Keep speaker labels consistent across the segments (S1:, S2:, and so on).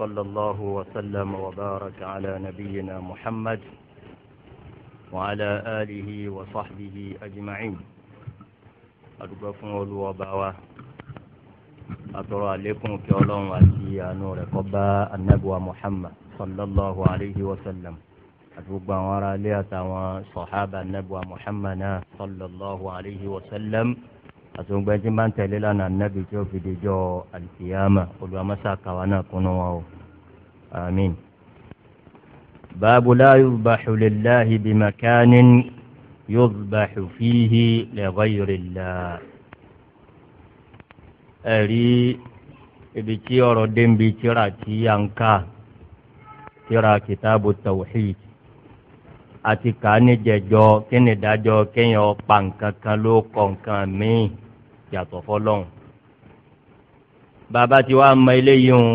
S1: وصلى الله وسلم وبارك على نبينا محمد وعلى آله وصحبه أجمعين أدقفوا الوباوة أترى لكم كيولون وأتي أنور قباء النبوة محمد صلى الله عليه وسلم أتوقع وراء لي أتوى صحابة النبوة محمد صلى الله عليه وسلم àti gbogbo ẹni tí bá ń tẹ̀lé lánàá nábì tí ó fi dejọ́ àlìkìyàmà olùwàmọ́sá kàwá náà kúnnú wa o àmín. báàbù la yuzbahu lillahi bimakanin yuzbahu fihi li ghayrillah. ẹ̀rí ibi tí ọ̀rọ̀ dé tíra tí à ń tíra kìtàbù tawhid àti kàá níjẹjọ kí ni kéèyàn pa ló kọ míì yàtọ̀ fọlọ́hún bàbá tí wàá mọ eléyìí ń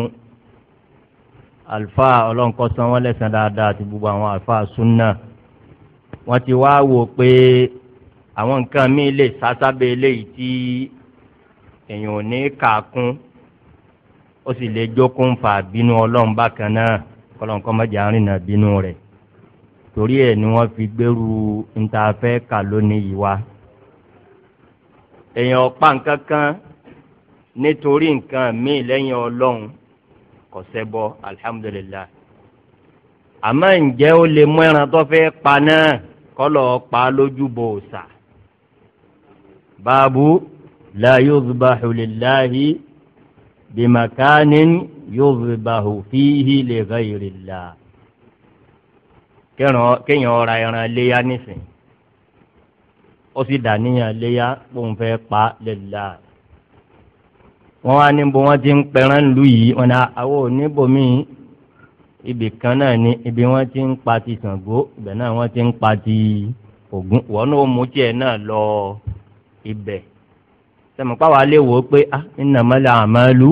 S1: àlùfáà ọlọ́nkọ́ san wọ́n lẹ́sàn dáadáa àti gbogbo àwọn àlùfáà súnà wọ́n ti wá wò pé àwọn nǹkan míì lè sásábẹ́ eléyìí tí èèyàn ò ní kà á kún ó sì lè jókòó ń fa bínú ọlọ́run bákan náà kọ́lọ́nkọ́ mọ́jà ń rìnà bínú rẹ̀ torí ẹ̀ ni wọ́n fi gbẹ́rù ń fẹ́ kà lónìí yìí wá èèyàn ọ̀pá nǹkan kan nítorí nǹkan míì lẹ́yìn ọlọ́run kò ṣẹbọ alihamudulilayi àmọ́ ǹjẹ́ ó lè mú ẹran tó fẹ́ pa náà kọ́lọ̀ pa lójúbọ òòṣà báàbù la yuzbahu lillahi bimakanin yuzbahu fihi li ghayrillah kéèyàn ọ̀ra ẹran léyà nísìnyí ó sì dàníyàn léyà bóun fẹ́ pa lẹ́la wọ́n wá níbo wọ́n ti ń pẹran lù yìí wọ́n ní àwọn oníbòmí ibì kan náà ni ibi wọ́n ti ń pa ti Ṣàngó ibẹ̀ náà wọ́n ti ń pa ti Ògún wọ́n náà mú tiẹ̀ náà lọ ibẹ̀ sẹmọpá wa lè wò ó pé ah innamal a'malu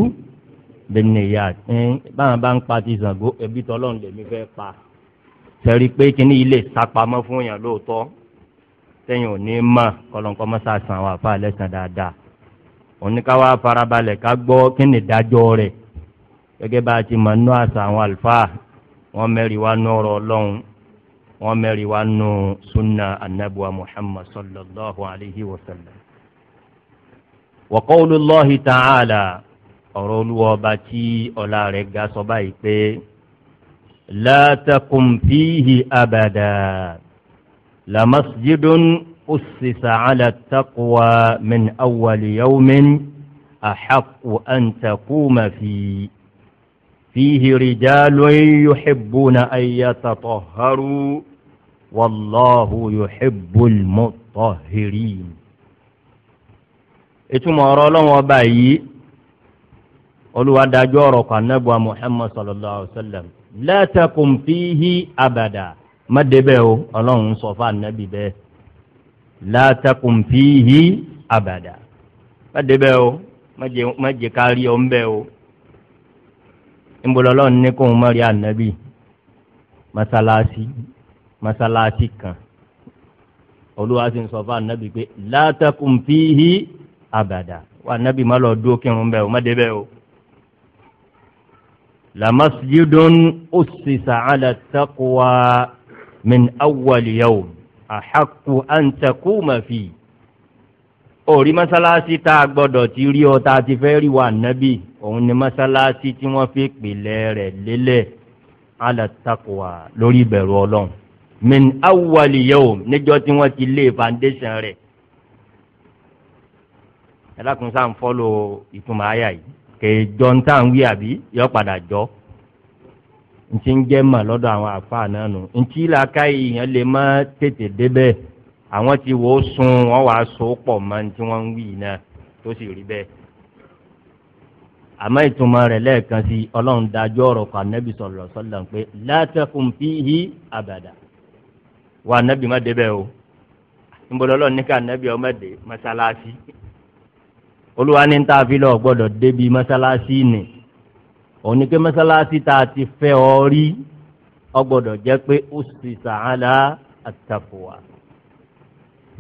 S1: binniyat báwọn bá ń pa ti Ṣàngó ẹbí tọlọ́run lèmi fẹ́ pa sẹrí pé kíní ilé sápamọ́ fún yàn lóòótọ́ sẹ́yìn ò ní mọ̀ kọ́lọ́nkọ́ mọ́sá san àwọn àfa lẹ́sàn dáadáa oníkàwá farabalẹ̀ ká gbọ́ kí ni ìdájọ́ rẹ̀ gẹ́gẹ́ bá a ti mọ̀ nínú àṣà àwọn àlùfáà wọ́n mẹ́rin wá nú ọ̀rọ̀ ọlọ́run wọ́n mẹ́rin wá nú sunna anabuwa muhammad sallallahu alayhi wa sallam. wa qawlu Allahi ta'ala ọ̀rọ̀ olúwa ọba tí ọlá rẹ̀ ga sọ báyìí pé la takum لمسجد أسس على التقوى من أول يوم أحق أن تقوم فيه فيه رجال يحبون أن يتطهروا والله يحب المطهرين ìtumọ̀ ọ̀rọ̀ ọlọ́run ọba yìí olùwàdájọ́ ọ̀rọ̀ kan nẹ́bùà muhammad sallallahu alayhi wa sallam la takum fihi abada má débẹ̀ o ọlọ́run sọ fún ànábì bẹ́ẹ̀ látàkùn fìhí àbàdà má débẹ̀ o má jẹ kárí ọ̀ ń bẹ́ o ńbọ̀lọ́ ọlọ́run ní kóun má rí ànábì masalasi masalasi kan olúwa sì ń sọ fún ànábì pé látàkùn fìhí àbàdà wà ànábì má lọ dúró kírun bẹ́ẹ̀ o má débẹ̀ o lamasjidun usisa ala taqwa min awwal yawm ahaqqu an takuma fi orí mọ́sálásí tá a gbọ́dọ̀ ti rí ọ tá a ti fẹ́ rí wa nábì òun ni mọ́sálásí tí wọ́n fi pìlẹ̀ rẹ̀ lélẹ̀ ala taqwa lórí ìbẹ̀rù ọlọ́run min awwal yawm níjọ́ tí wọ́n ti lé foundation rẹ̀ ẹlákùn sáà ń fọ́lọ̀ ìtumọ̀ àyà yìí kèèjọ́ ń tà wí àbí yọ padà jọ́ ntí ń jẹ́ mà lọ́dọ̀ àwọn àfa náà nù ntí làákà yìnyẹn lè má tètè débẹ̀ àwọn ti wò ó sun wọn wàá so pọ̀ mọ́ ntí wọ́n ń wí náà tó sì rí bẹ́ẹ̀ àmọ́ ìtumọ̀ rẹ̀ lẹ́ẹ̀kan sí ọlọ́run dájọ́ ọ̀rọ̀ kan nẹ́bí sọ̀rọ̀ sọ́lá pé látẹ̀kùn fíhí àbàdà wà nẹ́bí má débẹ̀ o nbọ̀dọ̀lọ́ ní ká nẹ́bí ọmọ dé mọ́sálásí olúwa ní ta lọ gbọ́dọ̀ débi mọ́sálásí nìí òun ni pé mọ́sálásí tá a ti fẹ́ ọ rí ọ gbọ́dọ̀ jẹ́ pé ó sì sàálà àtàfùwà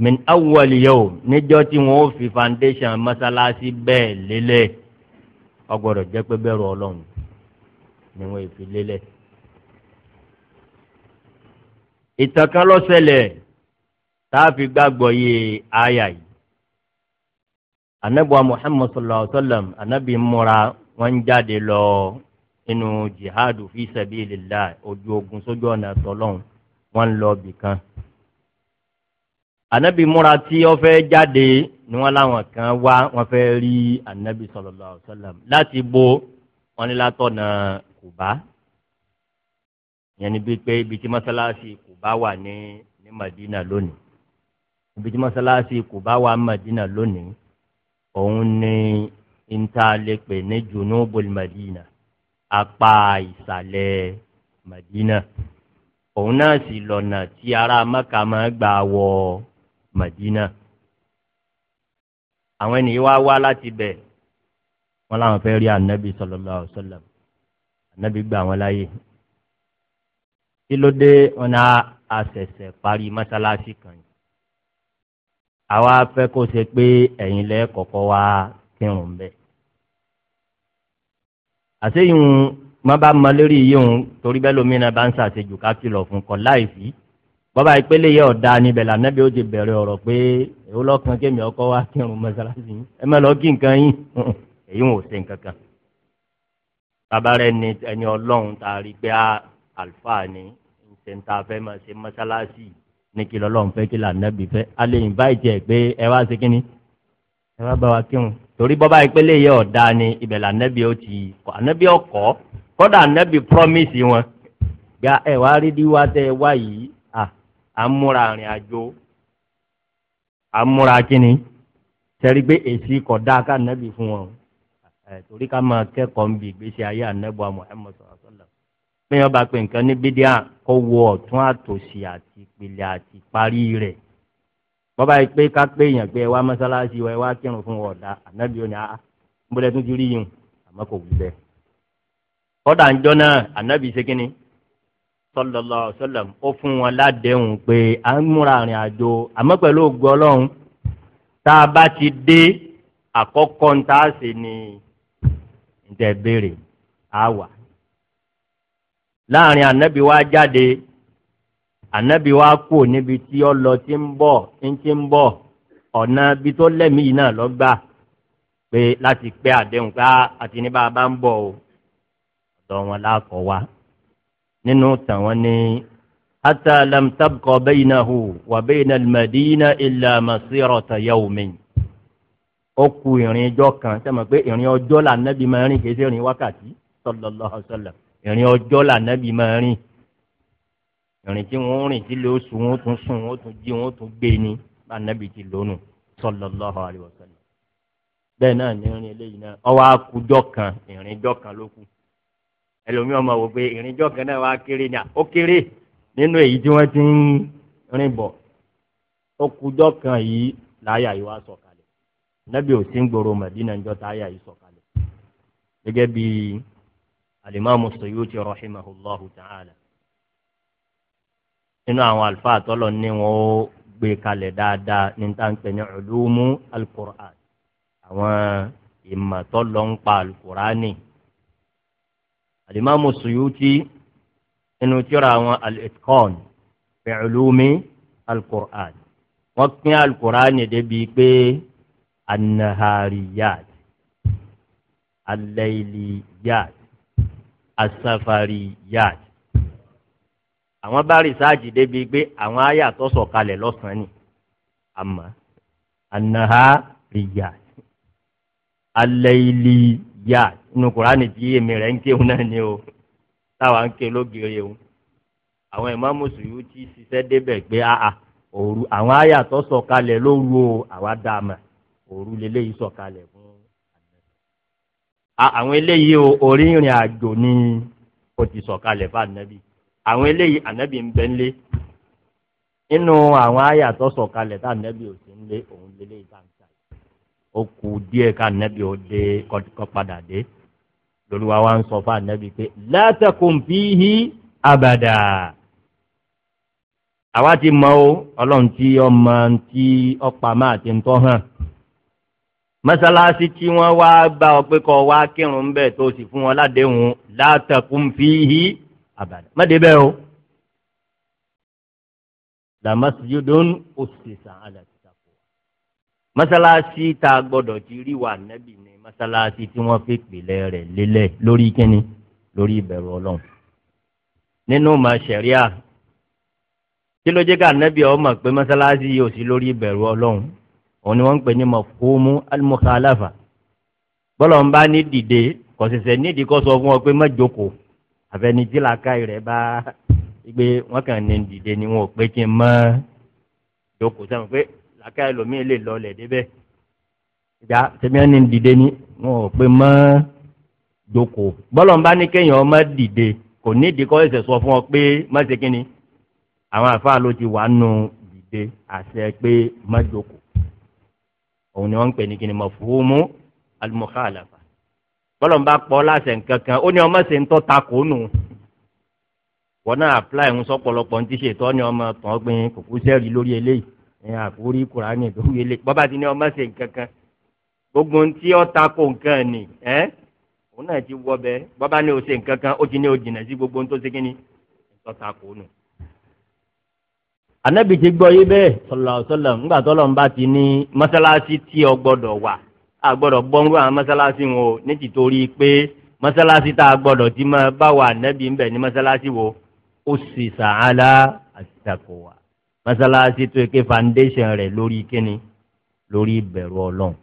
S1: min awwali yawm níjọ́ tí wọ́n ó fi foundation mọ́sálásí bẹ́ẹ̀ lélẹ̀ ọ gbọ́dọ̀ jẹ́ pé bẹ́ẹ̀ rọ ọlọ́run ni wọ́n fi lélẹ̀. ìtàn ló ṣẹlẹ̀ tá a fi gbàgbọ́ yé aya yìí anabuwa muhammadu sallallahu alaihi wa sallam anabi múra wọ́n ń jáde lọ nínú jihadu fi sabilillah ojú ogun sójú ọ̀nà tọ́lọ́hún wọ́n ń lọ bì kan. ànábì múra tí wọ́n fẹ́ jáde ni wọ́n láwọn kan wá wọ́n fẹ́ rí ànábì sallallahu alaihi wasallam láti bo wọ́n ní látọ̀nà Kùbá yẹn bíi pé ibi tí mọ́sálásí Kùbá wà ní ní Madina lónìí ibi tí mọ́sálásí Kùbá wà Madina lónìí òun ni níta lè Juno ní madina apá ìsàlẹ̀ madina òun náà sì lọ́nà tí ará mẹ́ka máa gbà wọ madina àwọn ènìyàn wá wá láti bẹ̀ wọ́n láwọn fẹ́ rí anabi sallallahu alaihi wasallam anabi gbà wọ́n láyè kí ló dé wọn náà àṣẹ̀ṣẹ̀ parí mọ́sálásí kan àwa fẹ́ kó ṣe pé ẹ̀yin lẹ wá kírun bẹ́ẹ̀. àṣeyìn má bá ma lérí iye òun torí bẹ́ẹ̀ lómi náà bá ń ṣàṣejù ká kìlọ̀ fún kọ́ láìsí bọ́bá ìpele yẹ ọ̀dà níbẹ̀ lànàbí ó ti bẹ̀rẹ̀ ọ̀rọ̀ pé èwo lọ́kàn kémi ọkọ wa kírun mọ́sálásí ẹ má lọ kí nǹkan yín èyí ò ṣe nǹkan kan. bàbá rẹ ni ẹni ọlọ́run tá a rí pé àlùfáà ni ṣèǹtà fẹ́ máa ṣe mọ́sálásí ní kí lọ́lọ́run fẹ́ kí lànàbí fẹ́ alẹ́ ìbá torí bọ́bá ìpele yẹ ọ̀dà ni ìbẹ̀lẹ̀ ànẹ́bí ó ti kọ́ ànẹ́bí ọkọ̀ kọ́dà ànẹ́bí promise wọn gba ẹ̀ wá rí díwá tẹ́ ẹ wá yìí àmúra àrìn àjò àmúra kínní sẹ́rí pé èsì kọ̀dá ká ànẹ́bí fún wọn torí ká máa kẹ́kọ̀ọ́ ń bi ìgbésí ayé ànẹ́bí wa Muhammad sallallahu alaihi wasallam pé wọ́n bá pe nǹkan ní bídíà kó wo ọ̀tún àtòsí àti ìpìlẹ̀ àti parí rẹ̀ bọ́ba yìí pé ká pé èèyàn pé ẹ wá mọ́sálásí wa ẹ wá kírun fún wa ọ̀dà ànábì ó ní a nbọ́lẹ̀ tún ti rí yìí àmọ́ kò wí bẹ́ẹ̀. kọ́dà ń jọ́nà ànábì ṣégini sallallahu alaihi wasallam ó fún wọn ládẹ́hùn pé à ń múra àrìn àjò àmọ́ pẹ̀lú ògùn ọlọ́run tá a bá ti dé àkọ́kọ́ ń tá a sì ní ǹjẹ́ béèrè á láàrin ànábì wa jáde ànábì wa kù níbi tí ó lọ tí ń bọ̀ tí ń bọ̀ ọ̀nà ibi tó lẹ́mìí náà lọ gbà pé láti pé àdéhùn pé ah, àti ní bàbá ń bọ̀ o ọ̀dọ̀ wọn lákọ̀ wa nínú tàn wọn ni hatta lam tabqa baynahu wa bayna al-madina illa masirata yawmin ó ku ìrìn ọjọ́ kan sẹ́mi pé ìrìn ọjọ́ là nábì máa rìn kì í ṣe wákàtí sallallahu alaihi wasallam ìrìn tí wọ́n rìn tí lóò sùn wọ́n tún sùn wọ́n tún jí wọ́n tún gbé ni bá nàbì ti lónù sallallahu alaihi wasallam bẹ́ẹ̀ náà ní ìrìn eléyìí náà ọwọ́ akujọ́ kan ìrìnjọ́ kan ló kù ẹlòmíràn máa wò pé ìrìnjọ́ kan náà wá kéré ni ó kéré nínú èyí tí wọ́n ti ń rìn bọ̀ okujọ́ kan yìí láyà yìí wá sọ̀kalẹ̀ nàbì ò sí ń gbòòrò Mẹdínà ńjọ́ táyà yìí sọ̀kalẹ̀ gẹ́gẹ́ bí alimami Suyuti rahimahullahu ta'ala nínú àwọn àlùfáà tọ́lọ̀ ní wọn ó gbé kalẹ̀ dáadáa ní táǹpẹ̀ ní ulumu alukur'an àwọn ìmọ̀ tọ́lọ̀ ń pa alukur'ani. alimami suyuti nínú tíra àwọn al-itqan alukur'an wọ́n pín alukur'ani débi pé anahariyat alayliyat asafariyat àwọn bá rìsáàjì débi pé àwọn àyà tó sọ̀kalẹ̀ lọ́sàn-án ni àmọ́ ànàhà rìyà alẹ́ ilé yà inú kùránì tí èmi rẹ̀ ń kéwọn náà ni o táwa ń ké lógiri o àwọn ìmáàmù Suyuti ṣiṣẹ́ débẹ̀ pé àà òru àwọn àyà tó sọ̀kalẹ̀ lóru o àwa dá a mọ̀ òru lélẹ́yìí sọ̀kalẹ̀ fún àwọn eléyìí o orí ìrìn àjò ni o ti sọ̀kalẹ̀ fún ànábì àwọn eléyìí ànábì ń bẹ ńlé nínú àwọn àyà tó sọ̀kalẹ̀ tá ànábì ò sí ńlé òun lélẹ̀ ìtàǹtà ó kù díẹ̀ ká ànábì ó dé kọ́ padà dé lóluwà wa ń sọ fún ànábì pé látàkùn fíhí abàdà àwa ti mọ o ọlọ́run tí ọmọ tí ọ̀pamọ́ àti ń tọ́ hàn mọ́sálásí tí wọ́n wá bá ọ pé kọ́ wá kírun ń tó sì fún wọn ládéhùn látàkùn fíhí abada má dé bẹ́ẹ̀ o lamasjidun usisa ala taqwa masalasi tá a gbọ́dọ̀ ti rí wa nẹ́bì ni masalasi tí wọ́n fi pìlẹ̀ rẹ̀ lélẹ̀ lórí kíni lórí ìbẹ̀rù ọlọ́run nínú ma ṣẹ̀ríà kí ló jẹ́ ká nẹ́bì ọ mọ̀ pé masalasi yóò sí lórí ìbẹ̀rù ọlọ́run òun ni wọ́n ń pè ní mafhumu al-mukhalafa bọ́lọ̀ bá ní dìde kọ̀sẹ̀sẹ̀ nídìí kọ́ fún ọ pé má jókòó àfẹnidílàkà rẹ̀ bá gbé wọn kàn ní dìde ni wọn ò pé kí n mọ́ jókòó sẹ́wọ̀n pé làkà ẹlòmíì lè lọlẹ̀ débẹ̀ ìjà tẹ̀mí ẹni dìde ni wọn ò pé mọ́ jókòó bọ́lọ̀ ń bá ní kéèyàn ọmọ dìde kò nídìí kọ́ ẹsẹ̀ sọ fún ọ pé má ṣe kínni àwọn àfáà ló ti wà nù dìde àṣẹ pé má jókòó òun ni wọ́n ń pè ní kínni mọ̀fúhùmù alimọ̀kálàf bọ́lọ̀ ń bá pọ̀ láṣẹ nǹkan kan ó ní ọmọ ṣe ń tọ́ ta kò nù wọn náà apply ń sọpọlọpọ ń tíṣe tọ́ ní ọmọ tán gbin kòkó sẹ́ẹ̀rì lórí eléyìí ẹ̀yìn àkórí kùránì tó wílé bọ́bá ti ní ọmọ ṣe nǹkan kan gbogbo ń tí ọ́ ta kò nǹkan nì ẹ́ òun náà ti wọ bẹ bọ́bá ní o ṣe nǹkan kan ó ti ní o jìnà sí gbogbo ń tó ṣe kínní tọ́ ta kò nù. ànábì ti gbọ́ yí bẹ́ẹ̀ sọ̀lọ̀ sọ̀lọ̀ ńgbà tọ́lọ́ a gbọ́dọ̀ bọ́nrú àwọn mọ́sálásí wọn o ní ti torí pé mọ́sálásí tá a gbọ́dọ̀ ti máa bá wa nẹ́bí ńbẹ̀ ní mọ́sálásí wo ó sì sàálà àtìsàkò wa mọ́sálásí tó yẹ foundation rẹ̀ lórí kíni lórí ìbẹ̀rù ọlọ́run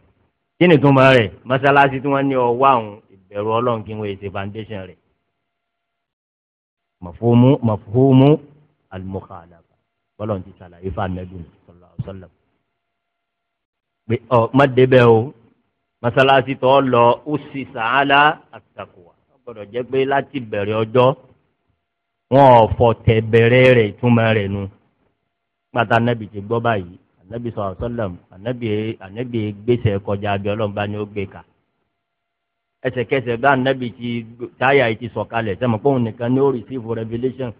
S1: kí ni túmọ̀ rẹ̀ mọ́sálásí tí wọ́n ní ọwọ́ àwọn ìbẹ̀rù ọlọ́run kí wọ́n ṣe foundation rẹ̀ mafhumu mafhumu al-mukhalafa bọ́lọ̀ ti sàlàyé fún anabi sallallahu alaihi wasallam pé ọ o masalasi tó lọ ó sì sàálà àtàkùwà gbọ́dọ̀ jẹ́ pé láti bẹ̀rẹ̀ ọjọ́ wọn ò fọ̀tẹ̀ bẹ̀rẹ̀ rẹ̀ ìtumọ̀ rẹ̀ nu pátá anabi ti gbọ́ báyìí anabi sọ̀rọ̀ sọ́lẹ̀m anabi anabi gbèsè kọjá abẹ́ ni ó gbé ka ẹsẹ̀kẹsẹ̀ bá anabi ti táyà ti sọ̀kalẹ̀ sẹ́mi pé òun nìkan ni ó receive revelation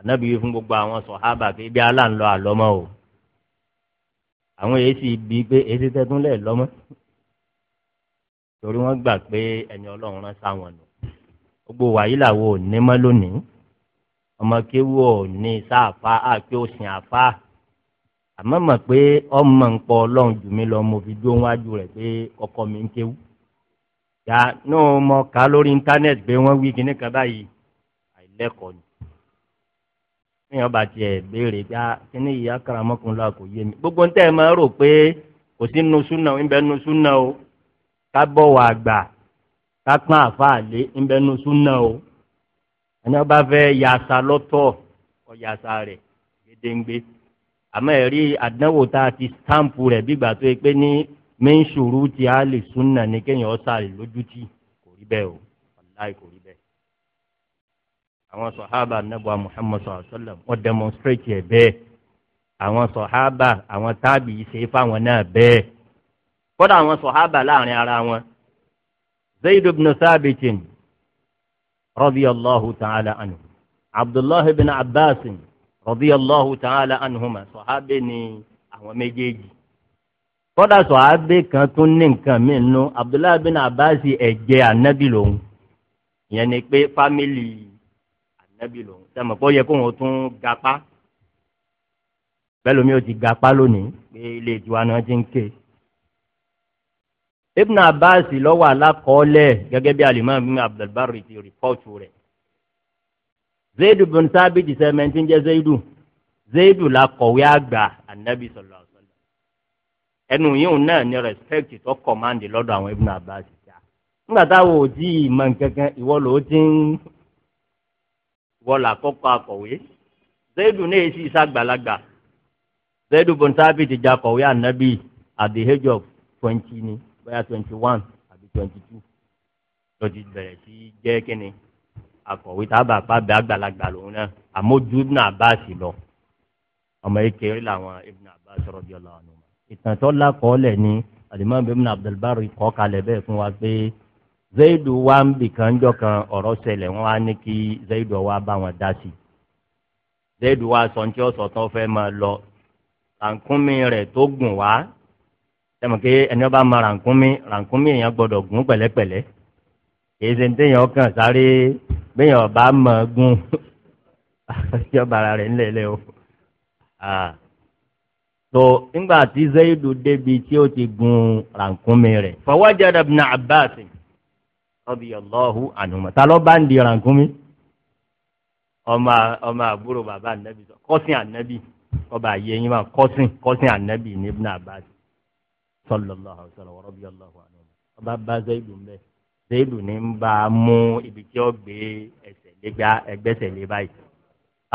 S1: anabi yìí fún gbogbo àwọn sọ̀hábà pé ibi aláǹlọ àlọ́mọ́ o àwọn èyí sì bí pé èyí tẹ́tún lẹ̀ lọ́mọ́ torí wọ́n gbà pé ẹni ọlọ́run rán sáwọn nù gbogbo wàyí làwọn ò ní mọ́ lónìí ọmọ kéwú ò ní sáàfà àpé òsìn àfà àmọ́ mọ̀ pé ọmọ ń pọ ọlọ́run jù mí lọ mo fi dúró wájú rẹ̀ pé ọkọ mi ń kéwú yà ní mo kà á lórí íńtánẹ́ẹ̀tì pé wọ́n wí kíní kan báyìí àìlẹ́kọ̀ọ́ ni fíyàn bá tiẹ̀ béèrè pé kíní ìyá karamọ́kùnrin la kò yé mi gbogbo ń tẹ́ ẹ máa rò pé kò sí nu súnà ń bẹ nu súnà o ká bọ̀wọ̀ àgbà ká pọ́n àfáà ńbẹ́nu súnà o ẹni ọba fẹ́ yàtà lọ́tọ̀ ọ̀yàtà rẹ̀ gbẹdẹ́ngbẹ́ àmọ́ ẹ̀rí àdánwò tá a ti stampu rẹ̀ bígbà tó yẹ pé ní mẹ́ńsùrù ti a lè súnà ní kéèyàn ọ̀sàrè lójútì kò rí bẹ́ẹ̀ o ọ̀láì kò rí bẹ́ẹ̀. àwọn sọ̀hábà nàbọ̀ Muhammad sallallahu alaihi wọ́n demonstrate ẹ̀ bẹ́ẹ̀ àwọn sọ̀hábà àwọn tábìlì ṣe fáwọn náà bẹ́ẹ̀ kódà àwọn sọ̀hábà láàrin ara wọn zayd ibn sabitin radiyallahu ta'ala anhu abdullahi ibn abbas radiyallahu ta'ala anhuma sọ̀hábà ni àwọn méjèèjì kódà sọ̀hábà kan tún ní nǹkan míì nù abdullahi ibn abbas ẹ̀jẹ̀ anabi lòun ìyẹn ni pé fámìlì anabi lòun sẹ́mi pé ó yẹ kó wọn tún gapá bẹ́ẹ̀ lómi ó ti gapá lónìí pé ilé ìtura náà ti ń ké ibn abbas lọ́wọ́ alákọọ́lẹ̀ gẹ́gẹ́ bí alimami ibn abdulbari ti rìpọ́tù rẹ̀ zayidu bin sábìtì sẹ́mẹ́ntì jẹ́ zayidu zayidu la kọ̀wé àgbà anabi sọlọ sọlọ ẹnu yíyún náà ní respect tó kọ̀mándì lọ́dọ̀ àwọn ibn abbas ta nígbà táwọn òjì ìmọ̀ nkankan ìwọ ló ti ń ìwọ là kọ́kọ́ akọ̀wé zayidu náà èsì ìsàgbàlagbà zayidu bin sábìtì jà kọ̀wé anabi at the age of twenty ni bóyá twenty one àbí twenty two ló ti bẹ̀rẹ̀ sí jẹ́ kínní akọ̀wé tábà pàbẹ àgbàlagbà lòun náà àmójú ibn abbas lọ ọmọ ekeré làwọn ibn abbas radiyallahu anhu ìtàn tó lákọọ́lẹ̀ ni alimami ibn abdulbar kọ́ kalẹ̀ bẹ́ẹ̀ fún wa pé zayidu wa ń bì kan jọ kan ọ̀rọ̀ ṣẹlẹ̀ wọn á ní kí zayidu wa bá wọn dá sí zayidu wa sọ ní tí ó sọ tán fẹ́ máa lọ tàǹkùnmí rẹ̀ tó gùn wá tẹmọ pé ẹni ọba ma rànkúnmí rànkúnmí èèyàn gbọ́dọ̀ gún pẹ̀lẹ́pẹ̀lẹ́ èyí ṣe ń téèyàn kàn sáré béèyàn ọba mọ gún ìjọba ara rẹ̀ ńlẹ̀ẹ́lẹ̀ o so ńgbà tí zayidu débi tí ó ti gun rànkúnmí rẹ̀ fọwọ́jáde ibn abbas radiyallahu anhuma ta ló bá ń di rànkúnmí ọmọ ọmọ àbúrò bàbá ànábì kọ́sìn ànábì ọba àyè yín máa kọ́sìn kọ́sìn ànábì ní ibn abbas sallallahu alaihi wasallam radiyallahu anhu ọba bá zayidu ń bẹ zayidu ní ń bá a mú ibi tí ó gbé ẹsẹ̀ lé gbá ẹgbẹ́sẹ̀ lé báyìí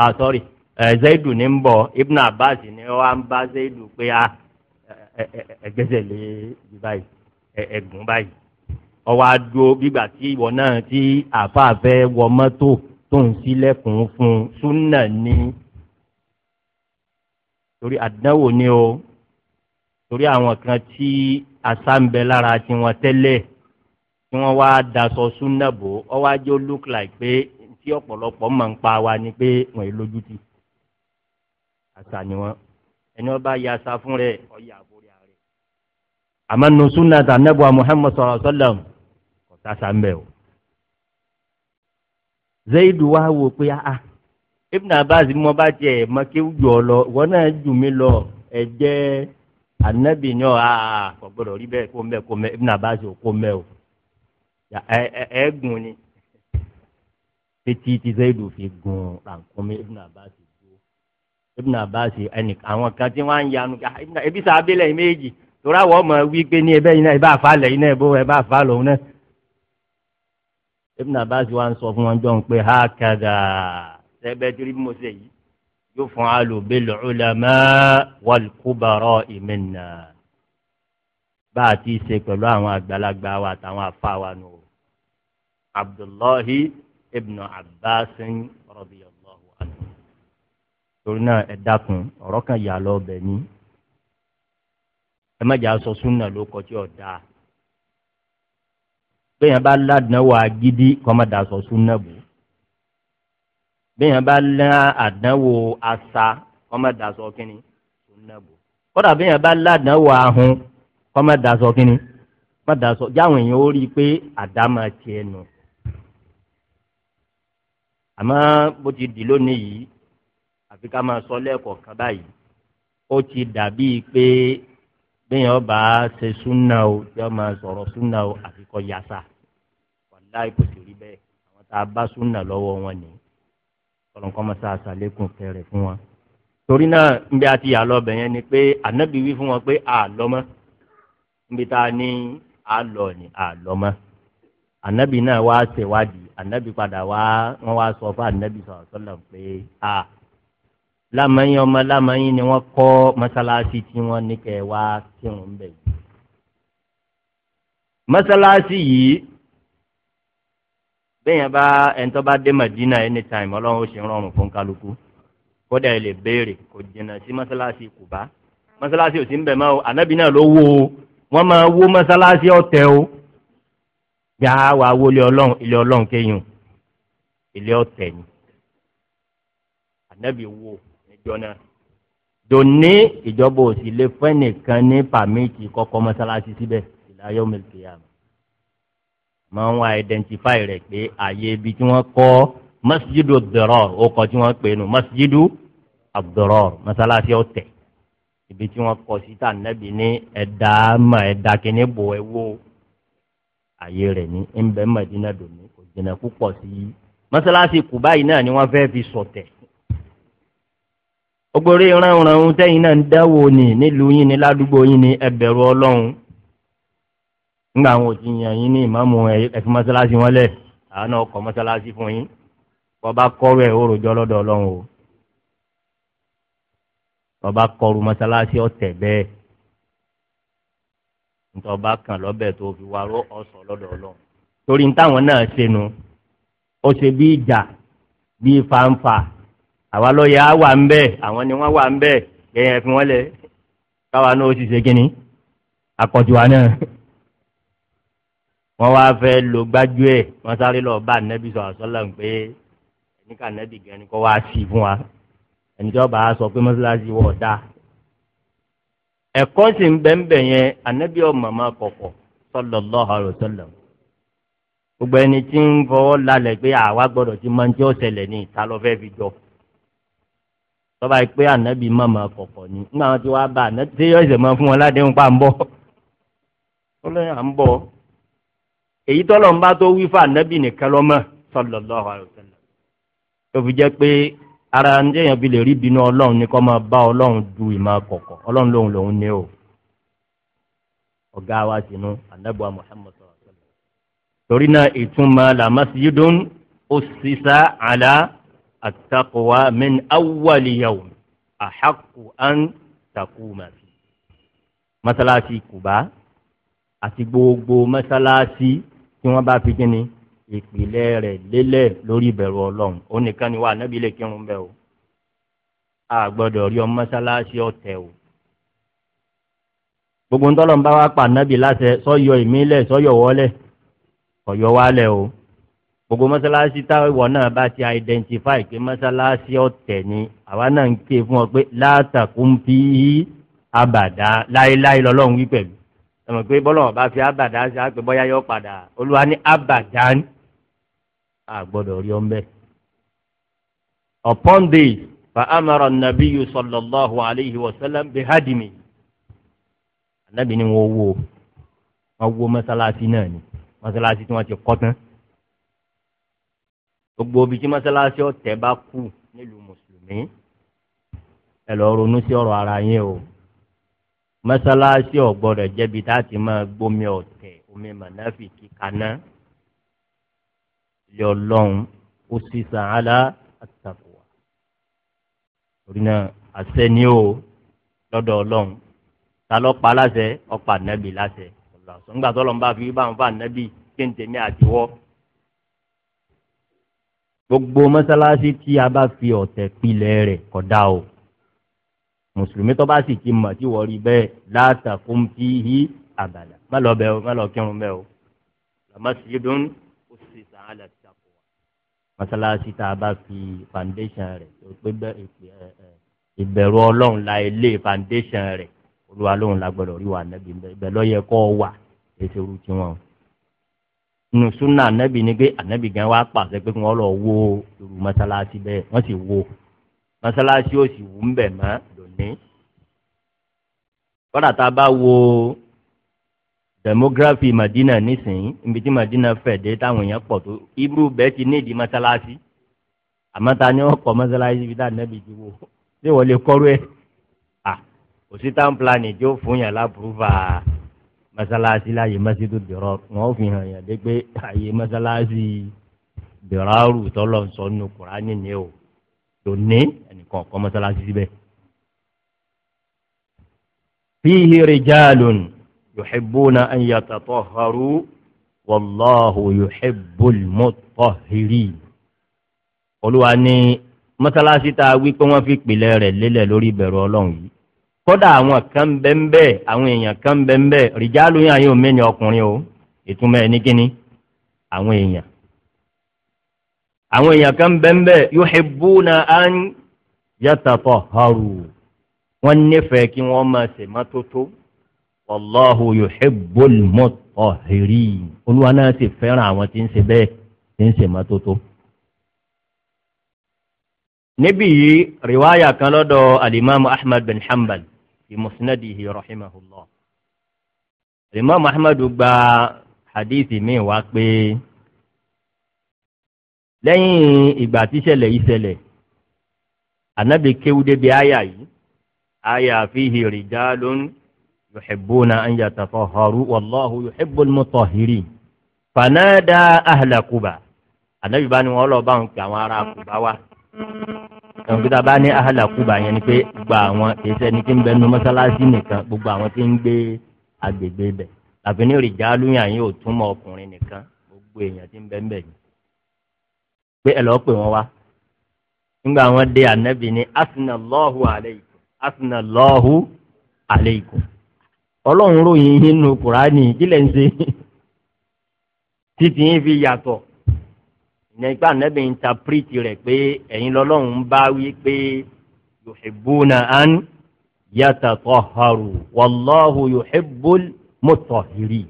S1: ah sorry eh, zayidu ní ń bọ̀ ibn abbas ni wọ́n á bá zayidu pé a ah, ẹgbẹ́sẹ̀ lé báyìí ẹ̀gùn báyìí ọwọ́ adúró gbígbà tí ìwọ náà tí àfààfẹ́ wọ mọ́tò tó ń sílẹ̀kùn fún súnà ní torí àdánwò ni o torí àwọn kan tí àṣà ń bẹ lára tiwọn tẹ́lẹ̀ tí wọ́n wá daṣọ súnàbò ọ wá jẹ́ look like pé tí ọ̀pọ̀lọpọ̀ máa ń pa wa ni pé wọ́n èé lójú ti àṣà ni wọ́n ẹni wọ́n bá ya àṣà fún rẹ̀ ọ̀yà àbórí ààrẹ. àmọ́ nu súnàtà nẹ́bùà Muhammad sallallahu alaihi wasallam ọ̀tá sàmbẹ̀ o. zayidu wá wò pé ah ibn abbas mo bá tiẹ̀ mọ́ kí ó jù ọ lọ ìwọ náà jù mí lọ ẹ̀ jẹ́ anabi ní ọ aa kò gbọdọ̀ rí bẹ́ẹ̀ kó mẹ́ kó mẹ́ ibùdó abáṣe kó mẹ́ o ẹ gùn ni títí tí zayidu fi gùn rànkúnmi ibùdó abáṣe dúró ibùdó abáṣe ẹnì àwọn kan tí wọ́n á ń yanu ah, ebi sábẹ́lẹ̀ yìí méjì torí àwọn ọmọ wí pé ní ẹbẹ́ yìí náà ẹ bá fa náà ẹ bó ẹ bá fa lòun náà ibùdó abáṣe ń sọ fún wọn jọ ń pé hákàdà ṣẹbẹ́ torí bí mo ṣe yìí. يفعل بالعلماء والكبراء منا باتي سيكلو àwọn àgbàlagbà wa àtàwọn àfáà wa nù Abdullahi ibn Abbas radiyallahu anhu torí náà ẹ dákun ọ̀rọ̀ kan yà lọ bẹ̀ ní ẹ má jà sọ súnà ló kọjú ọ̀dà bẹ́ẹ̀ yẹn bá ládùn náà wà gidi kọ́ má dà sọ súnà bò bẹ́ẹ̀ bá lẹ́ àdánwò asa kọ́mọ̀dásọ kínní sunnabu kódà bẹ́ẹ̀ bá lẹ́ àdánwò ahun kọ́mọ̀dásọ kínní kọ́mọ̀dásọ jáwọn èèyàn ó rí i pé àdámà tiẹ̀ nù. àmọ́ bó ti dì lónìí yìí àfi ká máa sọ lẹ́ẹ̀kọ̀ kan báyìí ó ti dàbí pé bẹ́ẹ̀ bá ṣe sunna o yọ máa sọ̀rọ̀ sunna o yasa wàláì kò sì rí bẹ́ẹ̀ àwọn tá a bá sunna lọ́wọ́ wọn nìyí ọlọ́run kọ́ mọ́sá àṣàlékún kẹrẹ̀ fún wọn. torí náà ń bí a ti yà lọ́bẹ̀ yẹn ni pé ànábì wí fún wọn pé àlọ́mọ́ níbi tá a ní àlọ́ ni àlọ́mọ́ ànábì náà wá ṣèwádìí ànábì padà wá wọ́n wá sọ fún ànábì sọ̀rọ̀ sọ́lọ̀ pé a lámàyín ọmọ lámàyín ni wọ́n kọ́ mọ́sálásí tí wọ́n ní kẹ́ wá kírun bẹ̀ yìí mọ́sálásí yìí bẹ́ẹ̀ bá ẹ̀ńtọ́ bá dé Madina anytime ọlọ́run ó ṣe rọrùn fún kálukú kódà ẹ lè béèrè kò jìnnà sí mọ́sálásí Kùbá mọ́sálásí ò sí ń bẹ̀ mọ́ o ànábì náà ló wó o wọ́n máa wó mọ́sálásí ọ̀tẹ̀ o yà á wà wọlé ọlọ́run ilé ọlọ́run kéyìn ilé ọ̀tẹ̀ ni ànábì wó níjọ náà dòní ìjọba òsì lè fẹ́ nìkan ní pàmìtì kọ́kọ́ mọ́sálásí síbẹ̀ ìdáyọ̀ mílíkì yàrá máa ń wá identify rẹ̀ pé àyè ibi tí wọ́n kọ́ masjidu ad-dirar ọkọ̀ tí wọ́n pè nù masjidu ad-dirar masalasi ọ̀tẹ̀ ibi tí wọ́n kọ́ sí tànàbí ní ẹ̀dá mà ẹ̀dá kìíní bò ẹ̀ wò àyè rẹ̀ ní ẹ̀ńbẹ́ mẹ́dínà dòní kò jìnnà púpọ̀ sí i masalasi Kùbá yìí náà ni wọ́n fẹ́ fi sọ̀tẹ̀ ogbore ìrànràn tẹ́yìn náà ń dáwọ́ ni nílùú yín ni ládùúgbò yín ni ẹ bẹ̀rù nga àwọn òtí yàn yín ní ìmáàmù ẹ̀fí mọ́sálásí wọn lẹ̀ àánú ọkọ̀ mọ́sálásí fún yín bọ́ba kọ́rù ẹ̀ ó rojọ́ lọ́dọ̀ ọlọ́run o bọ́ba kọ́rù mọ́sálásí ọ̀tẹ̀ bẹ́ẹ̀ ntọ́ba kan lọ́bẹ̀ tó fi wá ró ọ̀sán lọ́dọ̀ ọlọ́run torí táwọn náà ṣe nu ó ṣe bí ìjà bí fanfa àwa lọ́yẹ̀ wà ń bẹ́ẹ̀ àwọn ni wọ́n wà ń bẹ́ẹ̀ lẹ́yìn ẹ̀fín wọn lẹ̀ káwa náà ó sì ṣe kínní wọ́n wá fẹ́ lo gbájú ẹ̀ wọ́n sáré lọ bá nẹ́bí sọ̀rọ̀ sọ́lá ń pé ẹni ká nẹ́bí gan ni kó wá sí i fún wa ẹni tí wọ́n bá sọ pé mọ́sálásí wọ̀ dá. ẹ̀kọ́ sì ń bẹ́ńbẹ̀ yẹn ànẹ́bí ọ̀mọ̀mọ́ kọ̀kọ̀ sallallahu alaihi wasallam gbogbo ẹni tí ń fọwọ́ lálẹ́ pé àwa gbọ́dọ̀ ti máa ń jẹ́ ọ̀sẹ̀lẹ̀ ní ìta lọ fẹ́ẹ́ fi jọ tọ́ba yìí pé ànábì mọ̀mọ́ kọ̀kọ̀ ni nígbà wọn ti wá bá ànábì tí yọ̀ọ̀sẹ̀ máa fún wọn ládéhùn pa ń bọ̀ ó lóyún à ń bọ̀ èyí tọ́lọ̀ ń bá tó wí fún ànábì nìkan lọ́mọ sallallahu alaihi wasallam tó fi jẹ́ pé ara ń jẹ́yàn fi lè rí ìbínú ọlọ́run ní kọ́ máa bá ọlọ́run du ìmọ̀ kọ̀kọ̀ ọlọ́run lòun lòun ní o ọ̀gá wa sínú ànábì Muhammad sallallahu alaihi wasallam torí náà ìtumọ̀ la masjidun ussisa ala at-taqwa min awwali yawm ahaqqu masalasi Kuba àti gbogbo masalasi tí wọ́n bá fi kíni ìpìlẹ̀ rẹ̀ lélẹ̀ lórí ìbẹ̀rù ọlọ́run ó nìkan ni wà nábì lè kírun bẹ́ẹ̀ o a gbọ́dọ̀ rí ọmọ mọ́sálásí ọ̀tẹ̀ o gbogbo ń tọ́lọ́ ń bá wa pa nábì láṣẹ sọ́yọ ìmílẹ̀ sọ́yọ wọlé ọ̀yọ́ wálẹ̀ o gbogbo mọ́sálásí táwọn náà bá ti identify pé mọ́sálásí ọ̀tẹ̀ ni àwa náà ń ké fún ọ pé látàkùn fi abàdá láéláé lọ́lọ́run wí ẹ̀mọ̀ pé bọ́lọ̀ ọba fi abàdá ṣe àpè bọ́yá yọ padà olúwa ní abàdá ni àgbọ̀dọ̀ rí ọmọ ẹ̀. upon this fa amara nabiyu sallallahu alayhi wa sallam bi hadimi anabi ni wọ́n wo wọ́n wo mọ́sálásí náà ni mọ́sálásí tí wọ́n ti kọ́ tán gbogbo ibi tí mọ́sálásí ọ̀tẹ̀ bá kú nílùú mùsùlùmí ẹ lọ ronú sí ọ̀rọ̀ ara yín o mọ́sálásí ọ̀gbọ́dọ̀ jẹ́bi tá a ti máa gbómi ọ̀tẹ̀ omi mànáfì kíkaná ilé ọlọ́run ó sì sàn án àtàkùwà torí náà àṣẹ ni ó lọ́dọ̀ ọlọ́run ta ló pa láṣẹ ọ̀pá nẹ́bì láṣẹ ọ̀làṣọ ńgbà tó lọ́n bá fi bá wọn fà nẹ́bì kéńtèmí àtiwọ́ gbogbo mọ́sálásí tí a bá fi ọ̀tẹ̀ pilẹ̀ rẹ̀ kọ̀dá o mùsùlùmí tó bá sì ti mọ̀ tí wọ́n rí bẹ́ẹ̀ látàkùn fi hí àbàlà má lọ bẹ́ẹ̀ o má lọ kírun bẹ́ẹ̀ o lamasjidun usisa ala taqwa masalasi tá a bá fi foundation rẹ̀ tó pé bẹ́ẹ̀ ìbẹ̀rù ọlọ́run la ilé foundation rẹ̀ olúwa lóhùn la gbọ́dọ̀ rí wa nẹ́bí ibẹ̀ lọ́yẹ kọ́ wà èsì oru tiwọn nù súnà nẹ́bí ni pé ànẹ́bí gan wa pàṣẹ pé wọ́n lọ wo irú masalasi bẹ́ẹ̀ wọ́n sì wo masalasi ó sì wù ń bẹ̀ mọ́ dín kọ́dà tá a bá wo demography madina nísìnyí níbi tí madina fẹ̀ dé táwọn èèyàn pọ̀ tó ibru bẹ́ẹ̀ ti nídìí mọ́sálásí àmọ́ ta ni wọ́n kọ́ mọ́sálásí bí táwọn nẹ́bí ti wò ṣé wọ́n lè kọ́rú ẹ̀ à kò sí town planning tí ó fún yàn lápúrúfà mọ́sálásí láàyè mọ́sídù dìrọ́ wọ́n fi hàn yàn dé pé àyè mọ́sálásí dìrọ́ àrùtọ́ lọ́sọ̀ọ́nù kùránì ni o tòní ẹnìkan kọ́ mọ́sálásí síbẹ̀. فيه رجال يحبون أن يتطهروا والله يحب المطهرين Olúwa ní mọ́sálásí tá a wí pé wọ́n fi pìlẹ̀ rẹ̀ kan bembe àwọn kan bembe rìjálù yẹn àyè òmìnì o ìtumọ̀ ẹ̀ ní kíni àwọn wọ́n nífẹ̀ẹ́ kí wọ́n máa ṣe mọ́tótó wàláhù yuhibbul mutahhirin olúwa náà sì fẹ́ràn àwọn tí ń ṣe bẹ́ẹ̀ tí ń ṣe mọ́tótó. níbí yìí rìwáyà kan lọ́dọ̀ alimami ahmad bin hanbal fi musnadihi rahimahullah alimami ahmad gba hadithi mi wá pé lẹ́yìn ìgbà tíṣẹ̀lẹ̀ yìí ṣẹlẹ̀ ànábì kéwú débi áyà yìí. aya fihi rijalun yuhibbuna an yatatahharu wallahu yuhibbul mutahhirin fanada ahla kuba anabi bá ní wọn lọ bá ń pè àwọn ará kuba wa kọ̀ǹpútà bá ní ahla kuba yẹn ni pé gbogbo àwọn kìsẹ́ ni kí n bẹnu mọ́sálásí nìkan gbogbo àwọn tí ń gbé agbègbè bẹ̀ àfi ní rijalun yàn yóò túmọ̀ ọkùnrin nìkan gbogbo èèyàn tí ń bẹ́ ń bẹ̀ yìí pé ẹ lọ́ọ́ pè wọ́n wá nígbà wọn dé anabi ní asinallahu alayhi. asinalọ́hu aleikum ọlọ́run ròyìn nínú kùránì kílẹ̀ ń ṣe títí yín fi yàtọ̀ nígbà nẹ́bí intapiriti rẹ̀ pé ẹ̀yin lọ́lọ́run bá wí pé yuhibbuna an yatatahharu wallahu yuhibbul mutahhirin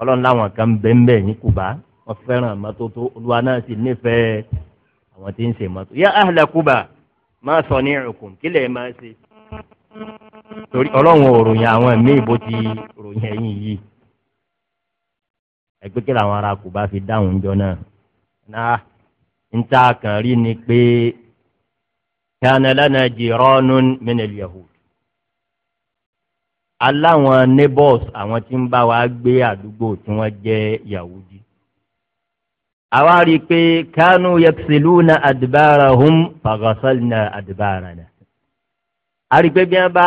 S1: ọlọ́run láwọn kan bẹ́ẹ̀ ní kùbá wọ́n fẹ́ràn mọ́tótó olúwa náà sì nífẹ̀ẹ́ àwọn tí ń ṣe mọ́tò yá ahla kùbá máa sọ ní ìrùkùn kílẹ̀ máa ṣe torí ọlọ́run ò ròyìn àwọn míì bó ti ròyìn ẹ̀yìn yìí ẹgbẹ́ kí làwọn ará kò bá fi dáhùn jọ náà náà ń ta kàn rí ni pé kana lana jiranun min al aláwọn neighbors àwọn tí ń bá wa gbé àdúgbò tí wọ́n jẹ́ yahudi àwa rí i pé kánú yẹpsilúna àdìbára hum fàgọ́sọ́lìnà àdìbára nà. a rí i pé bí wọ́n bá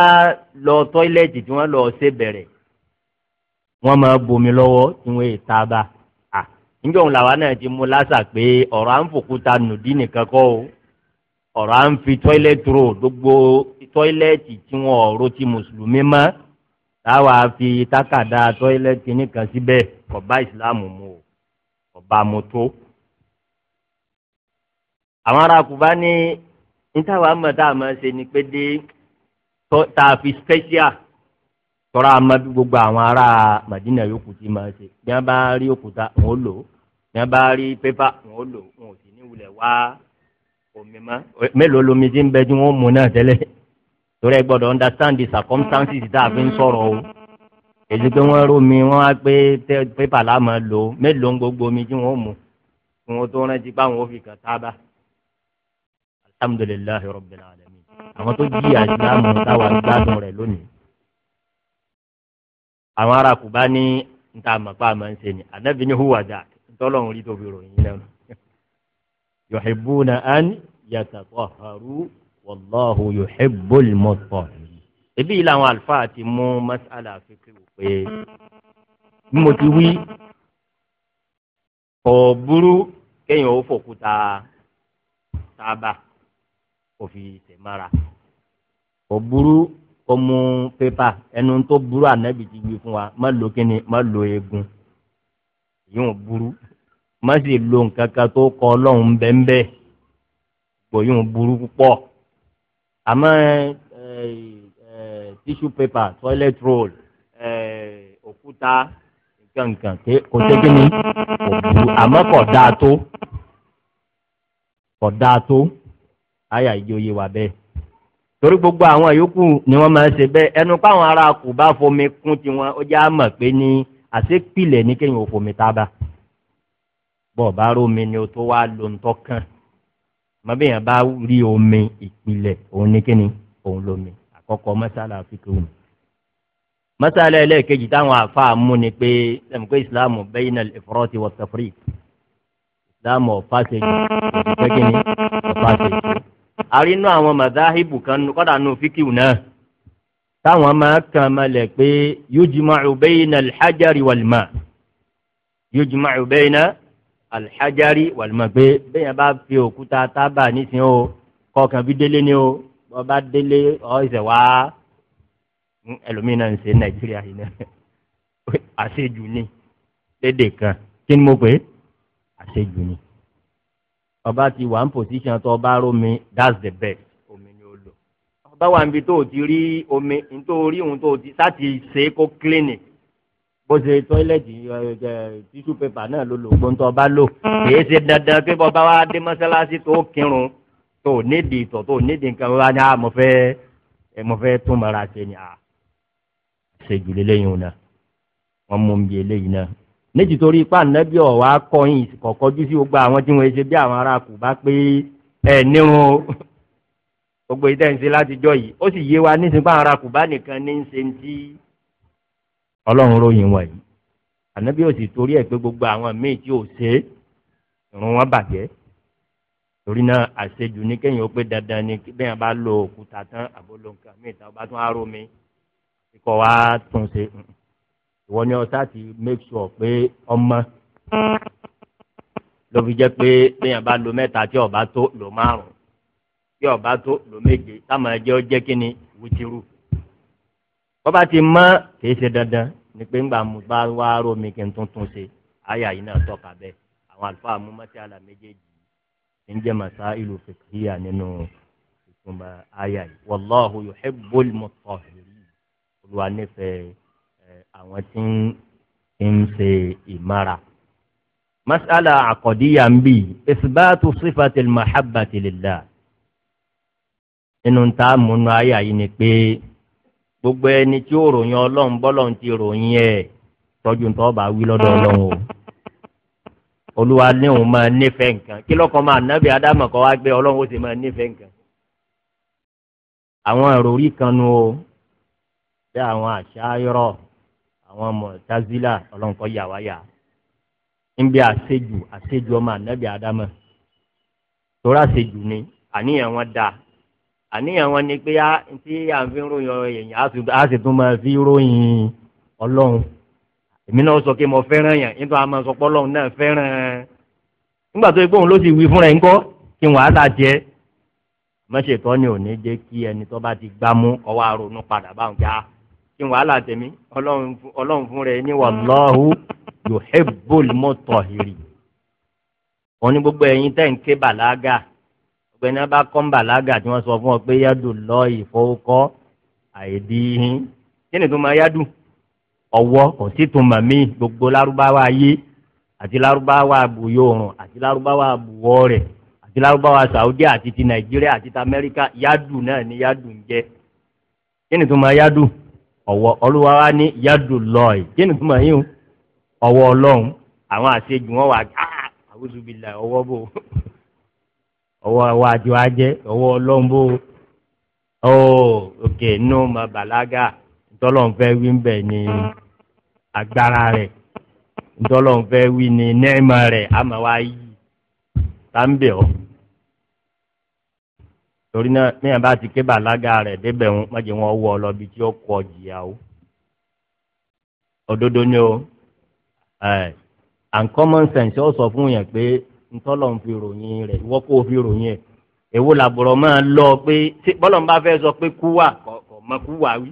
S1: lọ tọ́ílẹ̀tì tí wọ́n lọ ṣe bẹ̀rẹ̀ wọ́n máa bomi lọ́wọ́ tí wọ́n yìí tábà. níjọ́ òun làwa náà ti mú lásà pé ọ̀rọ̀ à ń fòkúta nùdí nìkan kọ́ o ọ̀rọ̀ à ń fi tọ́ílẹ̀tì rò gbogbo tọ́ílẹ̀tì tí wọ́n ọ̀rọ̀ ti mùsùlùmí mọ́ táwa fi tákàdá tọ́ílẹ̀tì nìkan síbẹ̀ kọ̀ bá ìsìlámù mu o ọba mọtò àwọn ará Kùbá ní nítawà mọ̀ a máa ṣe ni pé dé tá a fi special tọ́ra a máa bí gbogbo àwọn ará Màdínà yòókù tí máa ṣe bí wọ́n bá rí òkúta wọn ò lò bí wọ́n bá rí pépà wọn ò lò wọn ò sì ní wulẹ̀ wá omi mọ́ mélòó lomi tí ń bẹ tí wọ́n mú náà tẹ́lẹ̀ torí ẹ gbọ́dọ̀ understand the circumstances tá a fi ń sọ̀rọ̀ o èyí pé wọ́n rómi wọ́n á pé pépà láàmú lò mélòó ń gbogbo omi tí wọ́n mú kí wọ́n tó rántí báwọn ó fi kàn sábà alhamdulilayi rabbil alamin
S2: àwọn tó jí àìsílámù táwa gbádùn rẹ̀
S1: lónìí àwọn ará Kùbá ní níta àmọ̀pá àmọ̀ ń ṣe ni ní hùwà dà rí tóbi ròyìn lẹ́nu yuhibbuna an yatahharu wallahu yuhibbul mutahhirin ebi yìí làwọn àlùfáà ti mú masala fíkìrì pé bí mo ti wí kò burú kéèyàn ó fòkúta tábà kò fi tẹ̀mára kò burú kò mú pépà ẹnu tó burú ànábì ti wí fún wa má lo kíni má lo eegun yóò burú má sì lo nǹkan kan tó kọ ọlọ́run bẹ́ẹ̀ bẹ́ẹ̀ gbòyún burú púpọ̀ àmọ́ ẹ̀ eh, tissue paper toilet roll eh, òkúta nǹkankan kò ṣe kí ni òbu àmọ́ kò dáa tó kò dáa tó àyà ìjòyè wà bẹ́ẹ̀ torí gbogbo àwọn yòókù ni wọ́n máa ń ṣe bẹ́ẹ̀ ẹnu káwọn ará kò bá fomi kún tiwọn ó jẹ́ àmọ̀ pé ní àṣepìlẹ̀ ní kéèyàn ò fomi tábà bọ́ọ̀ bá rómi ni o tó wá lo ntọ́ kan mọ́bíyàn bá rí omi ìpìlẹ̀ òun ní kíni òun lómi kọ́kọ́ mọ́sálà fíkìwù mọ́sálà ẹlẹ́ẹ̀kejì táwọn àáfàá mú ni pé ẹ̀mí pé ìsìláàmù bayna al-ifrati wat-tafrit ìsìláàmù ọ̀fàṣejì òṣìṣẹ́gìnì ọ̀fàṣejì àrínú àwọn màdáhìbù kan kọ́dà nù fíkìwù náà táwọn máa kàn malẹ̀ pé yujma'u bayna al-hajari wal-ma yujma'u bayna pé bẹ́ẹ̀ bá fi òkúta tábà nísìnyí o kọ̀ọ̀kan fi délé ni o bọ́ba délé ọ́ ìṣẹ̀ wá ẹlòmínà ń ṣe nàìjíríà yìí náà àṣejù ni lédè kan kí ni mo pè é àṣejù ni ọba ti wà ń pòsíṣàn tó ọba rómi that's the best omi ni ó lò ọba wà níbi tó o ti rí omi nítorí òun tó o ti sáti ṣe é kó clinic bó ṣe tọ́ílẹ̀tì tíṣù pépà náà ló lò gbóńtọ́ ọba lò kì í ṣe dandan pé bọ́ba wa dé mọ́ṣáláṣí tó kírun tó o nídìí tọ̀ tó o nídìí nǹkan wá ní àmọ́ ah, fẹ́ ẹ mọ́ fẹ́ tún mara ṣe ni à ah, ṣe jù lélẹ́yìn òun náà wọ́n mú un bí eléyìí náà méjì torí ipá nẹ́bí ọ̀wá kọyìn kọ̀kọ́jú sí gbogbo àwọn tí wọ́n ṣe bí àwọn ará kù bá pé ẹ nírun o gbogbo ìtẹ́ǹsẹ́ láti jọ yìí ó sì yé wa nísìnyí pé àwọn ará kù bá nìkan ní í ṣe ti ọlọ́run ròyìn wọ̀nyí ànábì ò sì torí ẹ̀ pé gbogbo àwọn míì tí ò ṣe é wọn bàjẹ́ torí náà àṣejù ní kéèyàn ó pé dandan ni bẹ́ẹ̀ bá lo òkúta tán àbólò nǹkan míì tán bá tún á romi kíkọ́ wa tún ṣe ìwọ ni ọ̀sá ti make sure pé ọmọ ló fi jẹ́ pé bẹ́ẹ̀ bá lo mẹ́ta tí ọba tó lo márùn-ún tí ọba tó lo méje táwọn ẹjẹ́ ó jẹ́ kí ni bọ́ba ti mọ́ kì ṣe dandan ni pé ńgbà mo bá wá romi kí n tuntun ṣe àyà yìí náà tọ́ka bẹ́ẹ̀ àwọn àlùfáà mú mọ́tí àlà méjèèjì tí ń jẹ́ masailu fiqhiya nínú ìtumọ̀ àyà yìí wallahu yuhibbul mutahhirin olúwa nífẹ̀ẹ́ àwọn tí ń ṣe ìmára. mas'ala àkọ́díyà ń bì isbatu sifatil mahabbati lillah nínú ta múnú àyà yìí ni pé gbogbo ẹni tí ó ròyìn ọlọ́run bọ́lọ́run ti ròyìn ẹ̀ tọ́jú tó bá wí lọ́dọ̀ ọlọ́run o olúwa ní òun máa nífẹ̀ẹ́ nǹkan kí lọ́kàn máa nábì ádámà kọ́ wá gbé ọlọ́run ó sì máa nífẹ̀ẹ́ nǹkan. àwọn ìròrí kan nu o bí àwọn àṣàyọrọ àwọn mọ̀tázílà ọlọ́run kọ́ yà wáyà níbi àṣejù àṣejù ọmọ ànábì ádámà torí àṣejù ni àníyàn wọn dáa àníyàn wọn ni pé tí à ń fi ròyìn èèyàn a sì tún máa fi ròyìn ọlọ́run èmi náà sọ pé mo fẹ́ràn yàn nígbà máa sọ pé ọlọ́run náà fẹ́ràn nígbà tó yẹ pé òun ló sì wí fúnra ẹ̀ ńkọ́ kí n wàá ta jẹ́ mọ́ṣẹ̀tọ́ ni ò ní jẹ́ kí ẹni tó bá ti gbámú kọ́ wá ronú padà báwọn já kí n wàhálà tèmi ọlọ́run fún rẹ̀ ní wàlọ́hu yòhébùl mọ́tọ̀hìrì. wọ́n ní gbogbo ẹ̀yin tẹ́ ń ké bàlágà ọgbẹ́ ní wọ́n bá kọ́ ń bàlágà tí wọ́n sọ fún ọ pé yádùn lọ ìfowókọ́ àìdíhìn kí ni tó máa yádùn ọwọ́ kò sí tuma mi gbogbo lárúbáwá ayé àti lárúbáwá àbúyọ òrùn àti lárúbáwá àbúwọ rẹ̀ àti lárúbáwá Saudi àti ti Nàìjíríà àti ti Amẹ́ríkà yádù náà ni yádù ń jẹ́ kí ni tuma yádù ọwọ́ Olúwa wa ní yádù lọ́ọ̀ì kí ni tuma yín ọwọ́ Ọlọ́run àwọn àṣejù wọn wà á àwùjọbìlà ọwọ́ bò ọwọ́ wa àjọ ajẹ́ ọwọ́ Ọlọ́run bò ó òkè nù mà bàlágà ntọ́lọ́n fẹ́ wí ń bẹ̀ ni agbára rẹ̀ ntọ́lọ́n fẹ́ wí ni nẹ́ẹ̀mà rẹ̀ àmà wá yí tá ń bẹ̀ ọ́ torí náà níyàn bá ti ké bàlágà rẹ̀ débẹ̀ wọn má jẹ́ wọn wọ ọ lọ bí tí ó kọ jìyà òdodo ni o ẹ and common sense ó sọ fún yàn pé ntọ́lọ̀ fi ròyìn rẹ̀ ìwọ́ kó o fi ròyìn ẹ̀ èwo làbọ̀rọ̀ máa lọ pé bọ́lọ̀ ń bá fẹ́ sọ pé kú wà kọ̀ kú wà wí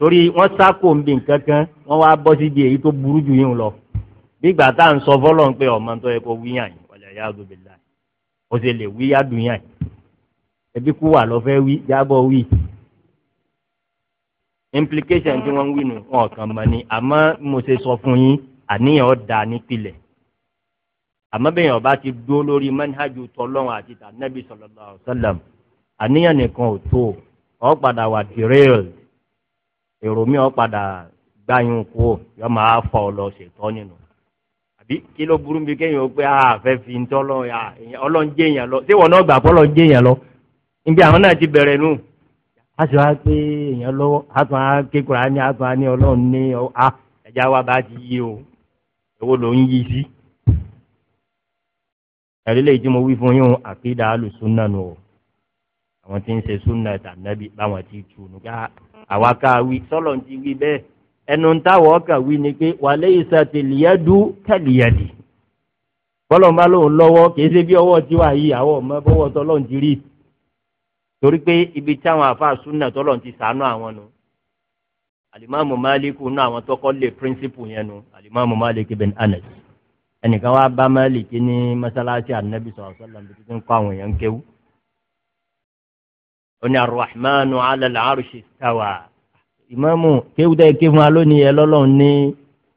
S1: torí wọ́n sáko nbí nkankan wọ́n wá bọ́ síbi èyí tó burú jù yín lọ bígbà tá à ń sọ fọlọ́n pé ọmọ tó yẹ kó wíyàn yìí wọlé ẹ̀yà àdó bẹ̀lá ó sì lè wíyà dùn yàn yìí ẹbí kú wà lọ́fẹ́ wí jábọ̀ wí implication tí wọ́n wí nù wọn kàn mọ̀ ni àmọ́ mo ṣe sọ fún yín àníyàn ó da nípìnlẹ̀ àmọ́ bẹ́ẹ̀ yẹn ọba ti dúró lórí manhajú tọ́lọ́run àti tànẹ́bí sallallahu alaihi wasallam àníyàn nìkan ò tó ọ̀ padà wà derailed èrò mi ò padà gbáyún kú ò yọ máa fọ ọ lọ ṣètọ́ nínú àbí kí ló burú bí kéèyàn ó pé a ah, fẹ́ fi ń tọ́ ah, ọlọ́run jẹ́ èèyàn lọ ṣé wọn náà gbà pọ́ ọlọ́run jẹ́ èèyàn lọ níbi àwọn náà ti bẹ̀rẹ̀ nù a sì wá pé èèyàn lọ́wọ́ a tún á ké Kùránì a tún á ní ọlọ́run ní ah, a ẹ̀já wa bá ti yí o èwo ló ń yí sí. ẹ̀rí lè jí mo wí fún yín àkídà alùsùn náà nù o àwọn tí ń ṣe súnà tànàbí báwọn ti tù nù àwa ká wí sọlọ ti wí bẹ́ẹ̀ ẹnu táwọn ọkà wí ni pé wàlẹ́ ìsàtìlíyàdú kàlíyàdì bọ́lọ̀ ń bá lóun lọ́wọ́ kì í ṣe bí ọwọ́ tiwa yìí àwọn ọmọ bọ́wọ́ tọ́lọ́run ti rí torí pé ibi táwọn àáfàá súnà tọ́lọ́run ti sàánú àwọn nu alimami maliku nu àwọn tọkọ lè píríncípù yẹn nu alimami maliku bin anas ẹnìkan wàá bá maliki ní masalasi anabi sọ̀rọ̀ sọ́lá níbi tí ń kọ́ àwọn èèyàn kéwú oní arahmanu alẹ́lẹ́ arṣi tàwa ìmáàmù kéwùdẹ́ kéwùn alónìí ẹ lọ́lọ́run ní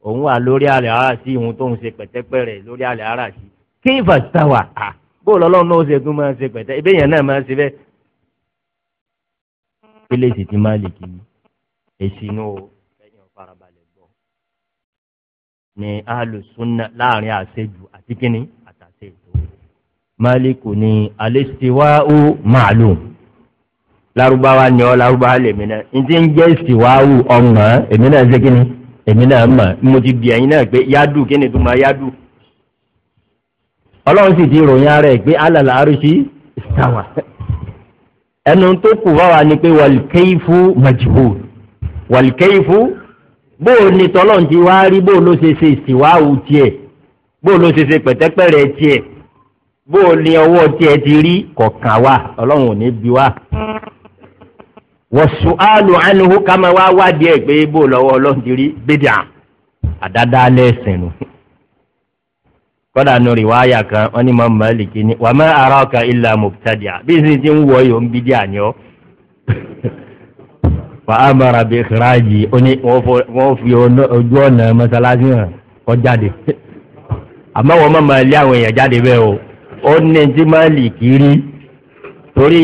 S1: òun wà lórí àlẹ́ arásí ìhun tóun ṣe pẹ̀tẹ́pẹ̀rẹ̀ lórí àlẹ́ arásí kéfà tàwa à bó lọ́lọ́run náà ṣe tún máa ṣe pẹ̀tẹ́ ibẹ̀ yẹn náà máa ṣe bẹ́ẹ̀. ilé sì ti máa lè kí èsì inú o ẹ̀yìn ọ̀farabalẹ̀ ni alùsùnà láàrin àṣejù àti kínní àtàṣe ètò máàlíkù ni alẹ́ ti wá ó màálùm larubawa ni larubawa lèmi náà n ti ń jẹ́ ìsìwáwù ọmọ èmi náà ṣe kíni èmi náà mọ̀ mo ti bì ẹ̀yin náà pé yádù kíni tó ti ròyìn ara ẹ̀ pé alàlà arúṣí ìsàwà tó kù báwa ni pé wàlùkẹ́yìfù màjìbò wàlùkẹ́yìfù bóò ni tọ́lọ́run ti wá rí bóò ló ṣe ṣe ìsìwáwù tiẹ̀ bóò ló ṣe ṣe pẹ̀tẹ́pẹ̀rẹ̀ bóò ni ọwọ́ tiẹ̀ ti rí kọ̀ọ̀kan wa ọlọ́run ò ní bi wá wọ̀sùálù ànihu ká máa wá wádìí ẹ̀ e pé bó lọ́wọ́ ọlọ́run ti rí bídíà àdáda lẹ́sìn nù. kọ́dà nù rí wáyà kan wọ́n ní mọ́ mọ́lìkì ni wà má ara ọkà ilà mọ̀tàdìà bí sì ti ń wọ yòó ń bídíà ni ọ́. wà á mara bí xiraajì ó ní wọ́n fi ojú ọ̀nà mọ́sálásí hàn kọ́ jáde. àmọ́ wọ́n má máa lé àwọn èèyàn jáde bẹ́ẹ̀ o ó ní ti mọ́lìkì rí torí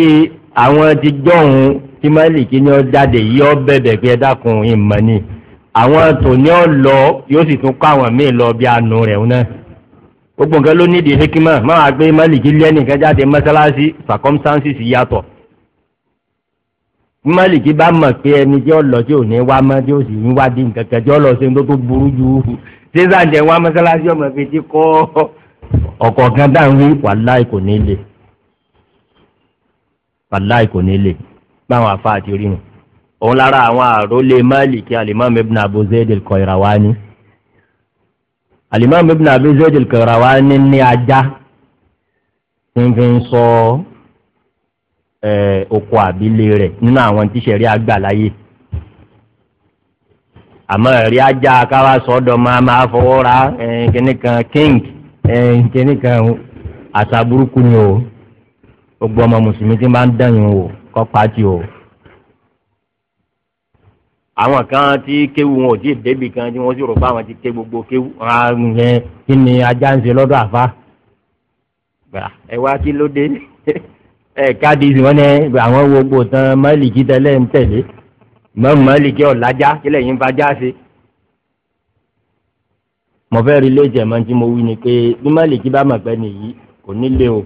S1: àwọn ti jọ̀hún tí málìkì ni ó jáde yìí ó bẹ̀bẹ̀ pé ẹ dákun ìmọ̀ ni àwọn tòní ọ lọ yóò sì tún kọ àwọn míì lọ bí anu rẹ̀ náà gbogbo nǹkan ló nídìí hekima máa gbé málìkì lẹ́nìkan jáde mọ́sálásí circumstances yàtọ̀ mọ́lìkì bá mọ̀ pé ẹni tí ó lọ tí ò ní wá mọ́ tí ó sì ń wádìí nǹkan kan tí ó lọ sí ní tó tó burú ju ṣéṣà jẹ́ wá mọ́sálásí ọmọ fi ti kọ́ ọ̀kọ̀ọ̀kan dáhùn wí wàláì kò ní lè wàláì kò ní lè báwọn afa àti rí wọn òun lára àwọn àròlé Málíkì alimam ibn Abu Zayd al-Qayrawani alimam ibn Abu Zayd al-Qayrawani ní ajá tí ń fi ń sọ oko àbílẹ̀ rẹ̀ nínú àwọn tíṣẹ̀rí àgbà láyé àmọ́ ẹ̀rí ajá káwá sọ́dọ̀ máa máa fọwọ́ ra kíní kan king kíní kan àṣà o gbogbo ọmọ mùsùlùmí tí ń ń dẹ̀yìn o kọ́ pàtì o. àwọn kan tí kéwu wọn ò tí ì débi kan tí wọ́n sì rò pé àwọn ti ké gbogbo kéwu ẹ̀ kí ni ajá ń ṣe lọ́dọ̀ àfa. ẹ wá kí ló dé ẹ káàdì wọn ní àwọn gbogbo tán mọ́lìkì tẹ́lẹ̀ ń tẹ̀lé mọ́lìkì ọ̀làjá kílẹ̀ yín fajá sí mo fẹ́ rí ilé ìjẹ̀mọ́ tí mo wí ni pé bí mọ́lìkì bá mọ̀ pẹ́ nìyí kò ní lé o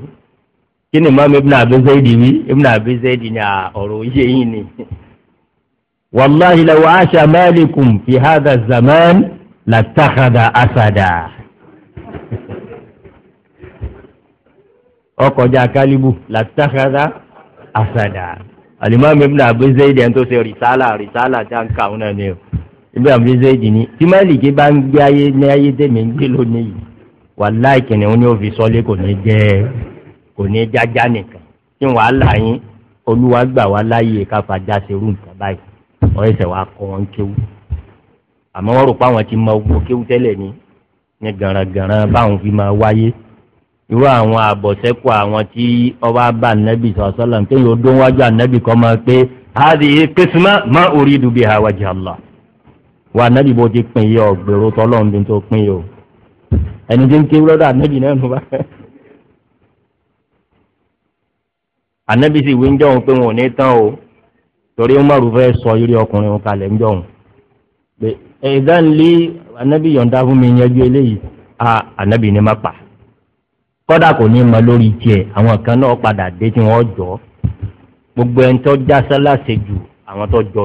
S1: kí ni mọ́mí ibùnà abẹ́sẹ̀dì wí ibùnà abẹ́sẹ̀dì ni ọ̀rọ̀ yé yín ni. wàláhi lawa aṣa malikum fi hada zaman la takada asada. ọkọjà kálíbù la takada asada. alimami ibùnà abẹ́sẹ̀dì ẹni tó ṣe rìsálà rìsálà tá n kà wọn náà ni o ibi abẹ́sẹ̀dì ni tí málìkì bá ń gbé ayé ní ayé tẹ̀mí ń gbé lónìí wàláhi kìnìún ni ó fi sọ́lé kò ní jẹ́ kò ní jájá nìkan tí wàá là yín olúwa gbà wá láàyè ká fàjà serú nǹkan báyìí wọ́n ẹsẹ̀ wàá kọ́ wọn kéwú àmọ́ wọ́n rò pé àwọn ti mọ ogbó kéwú tẹ́lẹ̀ ni ní gàràngàràn báwọn fi máa wáyé irú àwọn àbọ̀sẹ́kù àwọn tí ọba bá nẹ́bí sọ̀sọ́lọ̀ ní kéwòn tó wájú ànẹ́bí kan máa pé hadi qisma ma uridu biha wajha Allah wà nẹ́bí bó ti pín yẹ ọ̀gbèrò tọ́lọ́ọ̀dún tó pín yẹ o ẹni tí ń kéwú lọ́dọ̀ ànẹ́bí náà nù bá fẹ́. anabi sì wí ń jọ̀hún pé wọn ò ní tán o torí umaru fẹ́ sọ irú ọkùnrin òun kalẹ̀ ń jọ̀hún pé ìdánilé anabi yọ̀ǹda fún mi yanjú eléyìí a anabi ní má pa kọ́dà kò ní ma lórí tiẹ̀ àwọn kan náà padà dé tí wọ́n jọ gbogbo ẹni tó já sálàsẹ̀ jù àwọn tó jọ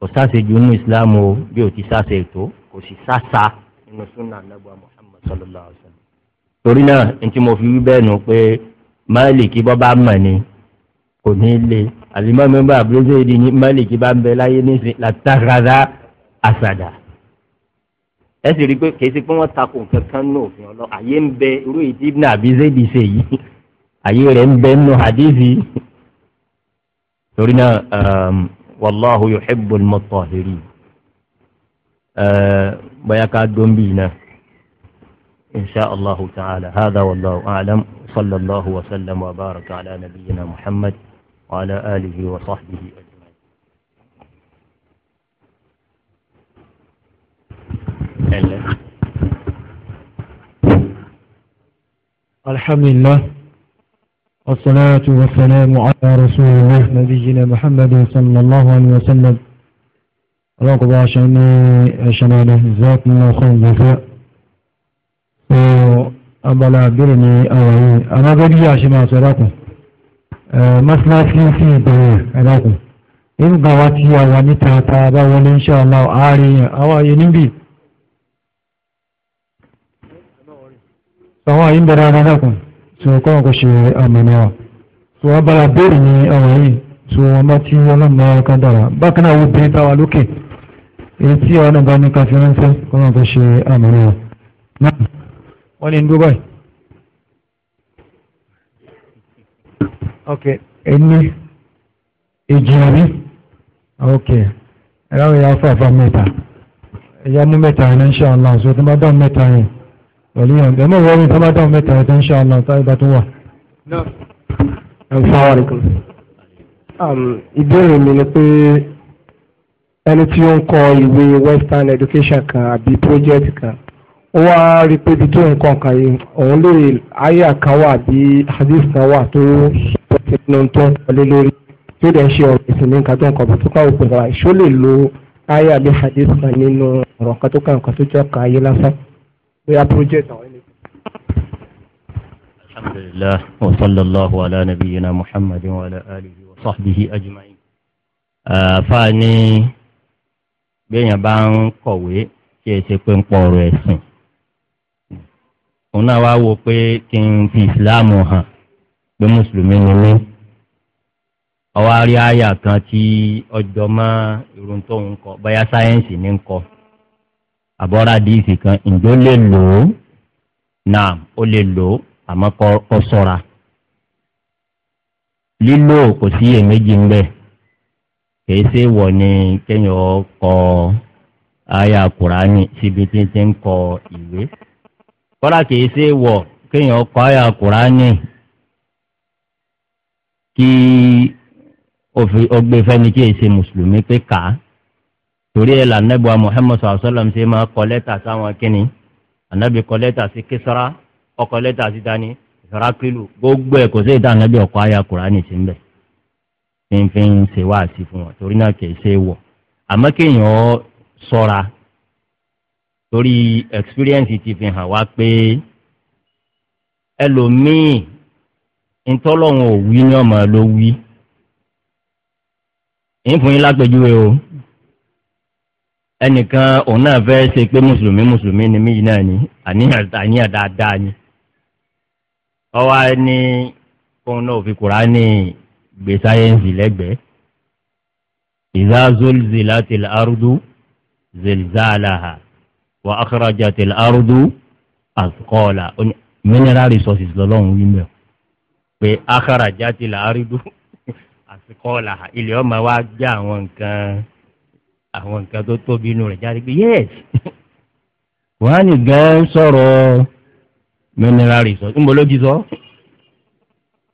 S1: kò sáṣe jù nínú islam o bí o ti sáṣe ètò kò sì sáṣa nínú sunna anagba muhammad sallallahu alaihi wa sallam torí náà ntí mo fi wí bẹ́ẹ̀ nù pé máàlìkì bọ́ bá mọ̀ ni kò ní í le àlìmọ́mí bá àbúrò ìdí ní máàlìkì bá ń bẹ láyé nísìnyí látàkàdá àsàdà ẹ sì rí i pé kì í ṣe pé wọ́n takò kankan ní òfin ọlọ́ àyè ń bẹ irú ìdí ibùdó àbí ṣe yìí àyè rẹ̀ ń bẹ nù hadithi torí náà wàláhu yóò xibbu mọ́tò àhírí bóyá ká náà. إن شاء الله تعالى هذا والله أعلم صلى الله وسلم وبارك على نبينا محمد وعلى آله وصحبه أجمعين
S2: الحمد لله والصلاة والسلام على رسول الله نبينا محمد صلى الله عليه وسلم رقب عشان عشان جزاكم الله خير الجزاء abala àbẹ̀rẹ̀ ní àwọn yìí amágẹ́bí yà ṣe máa sọ ẹ̀dàkùn mọ́sálásí sí ìbẹ̀rẹ̀ ẹ̀dàkùn nígbà ya tí a wà níta ta bá wọlé ń ṣàlá ààrẹ yẹn àwọn àyè níbí àwọn àyè ń bẹ̀rẹ̀ ẹ̀dàkùn tí wọ́n kọ́ ọ̀kọ́ ṣe àmàlà wa tí wọ́n abala àbẹ̀rẹ̀ ní àwọn yìí tí wọ́n bá tí dara kan dára bákan náà wo bẹ́ẹ̀ táwa loke èyí tí ọlọ́mọ bá ní ká fi ránṣẹ́ kọ́ wa wọ́n ní ndúbọ̀ yìí. ok ẹni èjì àbí ok ẹ̀rọ ìyá fàfà mẹ́ta ẹ̀yà mú mẹ́ta yẹn insha Allah so tí wọ́n bá dáhùn mẹ́ta yẹn pẹ̀lú yẹn ẹ̀ mọ̀ wọ́n mi tí wọ́n bá dáhùn mẹ́ta yẹn insha Allah táyé bá tún wà. Um, ìbéèrè mi ni pé ẹni tí ó ń kọ ìwé western education kan àbí project kan ó wá rí pé ibi tó nǹkan kan yìí òun lè àyà kan wà bí hadith kan wà tó ṣe nínú tó ń wọlé lórí tí ó dẹ̀ ń ṣe ọ̀rọ̀ ìsìn ní nǹkan tó nǹkan bọ̀ tó kàn òpin ra ṣó lè lo àyà bí hadith kan nínú ọ̀rọ̀ kan tó kàn nǹkan tó jọ ka ayé lásán
S1: bóyá project àwọn ẹni. alhamdulilah wa sallallahu ala nabiyyina muhammadin wa ala alihi wa sahbihi ajma'in. àfààní gbẹ̀yìn bá ń kọ̀wé kí ẹ ṣe pé ń pọ̀ ọ̀rọ̀ ẹ̀sìn. òun náà wo pé kí n fi ìsìláàmù hàn pé mùsùlùmí ni mí ọwọ́ rí àyà kan tí ọjọ́ mọ́ irun tó ń kọ bóyá sáyẹ́ǹsì ni ń kọ àbọ̀rà díìsì kan ǹjọ́ lè lò ó náà ó lè lò ó àmọ́ kọ́ sọ́ra lílò kò sí èméjì ńbẹ kìí ṣe wọ ni kéèyàn kọ àyà kùránì síbi tí ti ń kọ ìwé kọ́lá kìí ṣe wọ̀ kéèyàn kọ́ àyà kùránì kí ọgbẹ́ fẹ́ni kí èsì mùsùlùmí pé kà á torí ẹ̀ lànàbíwá muhammed sàlọ́m ṣe máa kọ lẹ́tà sáwọn kínní ànábì kọ lẹ́tà sí kísọ́rá ọkọ lẹ́tà sí dání ìfẹ́ra kílù gbogbo ẹ̀ kò sí ìta ànábì ọkọ̀ àyà kùránì sí mbẹ̀ fínfín ṣe wá sí fún wọn torí náà kìí ṣe wọ̀ àmọ́ kéèyàn sọ́ra torí experience ti fi hàn wá pé ẹlòmíì ntọ́lọ́hún ò wí ní ọmọ ló wí ìfún yín lápẹjúwe o ẹnìkan òun náà fẹ́ ṣe pé mùsùlùmí mùsùlùmí ni míyì náà ni àníyàn dáadáa ni ọwọ́ ní kóun náà fi Kùránì gbé sáyẹ́ǹsì lẹ́gbẹ̀ẹ́ ìzá zolzila til ardu zilzalaha wa akhrajatil ardu azqala mineral resources lọ́lọ́run wí mẹ́ pé akhrajatil ardu azqala ilẹ̀ ọmọ wa já àwọn nǹkan àwọn nǹkan tó tóbi inú rẹ̀ jáde pé yes wọ́n á ní gan sọ̀rọ̀ mineral resources ńbọ ló ti sọ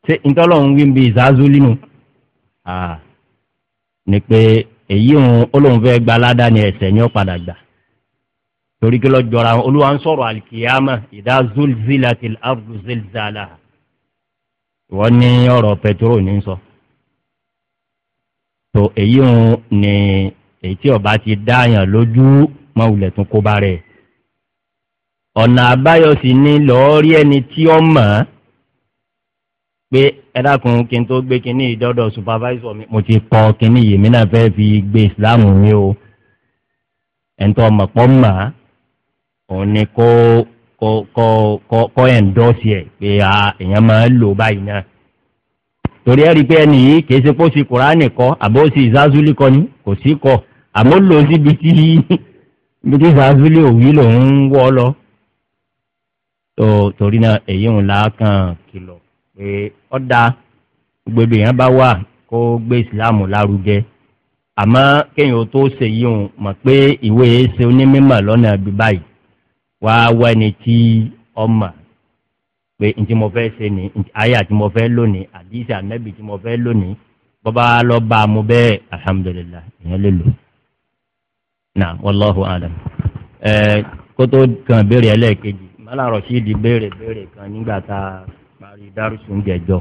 S1: ṣé ntọ́lọ́run wí bí ìzázúlì nù ni pé èyí òun ó lóun fẹ́ gba aládàáni ẹ̀sẹ̀ padà gbà torí kí lọ jọra wọn olúwa ń sọ̀rọ̀ alikiyama ìdá zulzila til ardu zilzala wọ́n ní ọ̀rọ̀ pẹturo ní sọ tó èyí ń ní èyí tí ọba ti dáàyàn lójú mọ̀wulẹ̀ tún kó bá rẹ̀ ọ̀nà àbáyọ sì ni lọ́ọ́ rí ẹni tí ó mọ̀ ọ́ pé ẹ kí n tó gbé kinní ìdọ́dọ̀ supervisor mi mo ti kọ́ kinní yìí mi náà fẹ́ fi gbé islam mi o ẹ̀ ń tọ́ ọmọ pọ́ mọ̀ ọ́ òun ni kó kọ́ ẹ̀ńdọ́sì ẹ̀ pé èèyàn máa ń lò báyìí náà torí ẹ̀rí pé ẹnì yìí kì í ṣe kó sí kuraani kọ́ àbó sí ìzázúlì kọ́ ni kò sí kọ́ àmọ́ lò ó síbi tí ibi tí ìzázúlì òwì lòun ń wọ́ lọ. torí náà èyí ń la kàn kìlọ̀ pé ọ̀dà gbogbo èèyàn bá wà kó gbé ìsìláàmù lárugẹ àmọ́ kéèyàn tó ṣe yìí hùn mọ̀ pé ìwé ṣe onímọ̀ lọ́nà bíbáyìí wá wẹni tí ọmọ pé ntí mo fẹ́ ṣe ni àyà tí mo fẹ́ lónìí ànábì tí mo fẹ́ lónìí bọ́bá lọ bá a mú bẹ́ẹ̀ alhamdulilah ìyẹn lè lò na wallahu alam ẹ kótó kan béèrè ẹlẹ́ẹ̀kejì mọ́lá rọ̀ṣídìí béèrè béèrè kan nígbà tá a parí dárúsùn jẹjọ́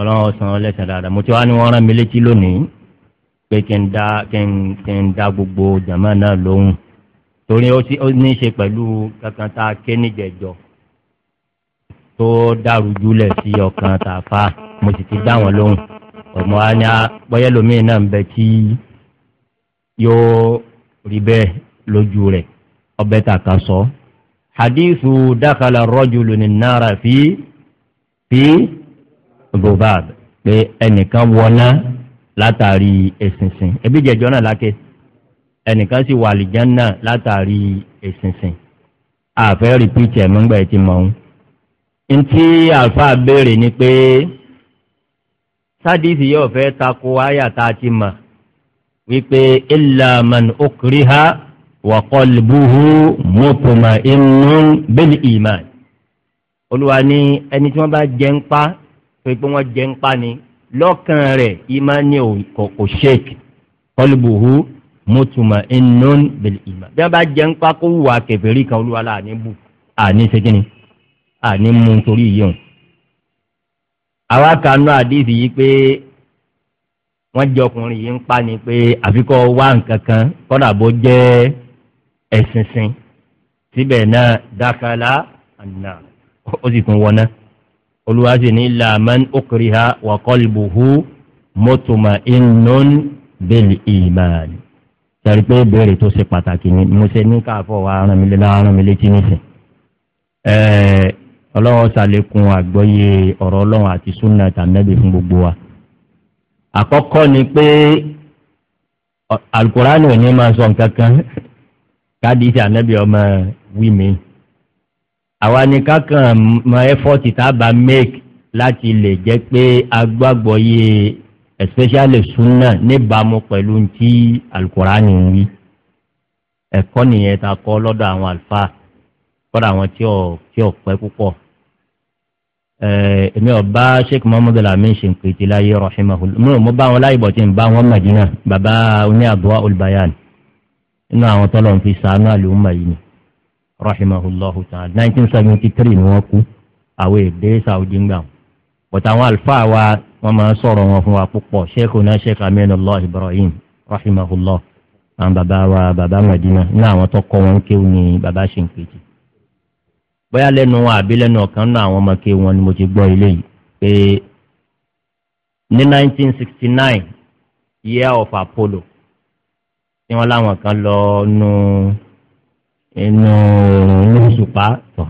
S1: ọlọ́run ọ̀sán ọlẹ́sẹ̀ dáadáa mo ti wá ní wọ́n rán mi létí lónìí pé kí n dá gbogbo jàmáà lóhùn. torí ó ní í ṣe pẹ̀lú kankan tá a ké níjẹ̀jọ tó dàrújúlẹ̀ sí ọkàn tàfà mo sì ti dá wọn lóhùn ọmọ wa ni bọ́yẹ́ lómìn náà ń bẹ tí yóò rí bẹ́ẹ̀ lójú rẹ̀ ọbẹ̀ tà ká sọ. hadithu dakala rọ́jùlù ní náírà fi fi bobab pé ẹnìkan wọná látàrí ẹ̀sìnsìn ẹbí jẹjọ náà lákè ẹnìkan sì wà àlìjánná látàrí ìsinsìn àfẹ́ rìpíìtì ẹ̀mọ́ngbà ẹ̀ ti mọ̀ ọ́n. ntí àlùfáà béèrè ni pé sádìsì yóò fẹ́ tako àyà tá a ti mọ̀ wípé illa man ukriha wa qalbuhu mutma'innun bil iman. olúwa ní ẹni tí wọ́n bá jẹ́ ń pa pé pé wọ́n jẹ́ ń pa ni lọ́kàn rẹ̀ ìmánì kò ṣèkì qalbuhu mutuma inun bil iman. bí wọ́n bá jẹ́ ń pa kó wùwà kẹfẹ́rí kan olúwa la àní bù àní segin àní mú nítorí yìí hàn. àwa kanú àdìsí yìí pé wọ́n jẹ́ ọkùnrin yìí ń pa ni pé àfikọ́ wá nǹkan kan kọ́nà bó jẹ́ ẹ̀sìnsìn síbẹ̀ náà dákàlá àná ó sì tún wọná olúwa sì ní làmán okriha wa qalbuhu mutuma inun bil iman sẹ́rí pé ìbéèrè tó ṣe pàtàkì ni mo ṣe ní káàfọ̀ wa ràn mí létí ràn mí létí nìsín. ọlọ́wọ́ ṣàlékún àgbọ́yé ọ̀rọ̀ ọlọ́run àti súnà tànẹ́bì fún gbogbo wa. àkọ́kọ́ ni pé alukurani ò ní máa sọ nǹkan kan kádìsí ànẹ́bì ọmọ wí mi. àwa ni kákan mọ ẹ́fọ́tì tá a bá make láti lè jẹ́ pé agbágbọ́yé especially sunna níbàámu pẹ̀lú ti alukurani wí ẹ̀kọ́ nìyẹn ta kọ́ lọ́dọ̀ àwọn àlùfáà kọ́dọ̀ àwọn tí ò tí ò pẹ́ púpọ̀ èmi ọba sheikh muhammed alamin shinkiti láyé rahimahul mi ò mọ bá wọn láyé bọ̀ tí n bá wọn madina baba oní abuwa olbayan inú àwọn tọ́lọ̀ ń fi sànú àlùmọ̀ yìí ni rahimahullahu nineteen seventy three ni wọ́n kú àwọn èdè saudi ń bọ̀tà àwọn àlùfáà wa wọ́n máa sọ̀rọ̀ wọn fún wa púpọ̀ sheikhuna sheikh aminullah ibrahim rahimahullah àwọn bàbá wa bàbá madina ní àwọn tó kọ́ wọn kéwù ní bàbá ṣèǹkejì bóyá lẹ́nu wọn àbí lẹ́nu ọ̀kan náà àwọn ọmọ kéwù ni mo ti gbọ́ eléyìí pé ní 1969 year of apollo tí wọ́n láwọn kan lọ nu inú inú òṣùpá tọ̀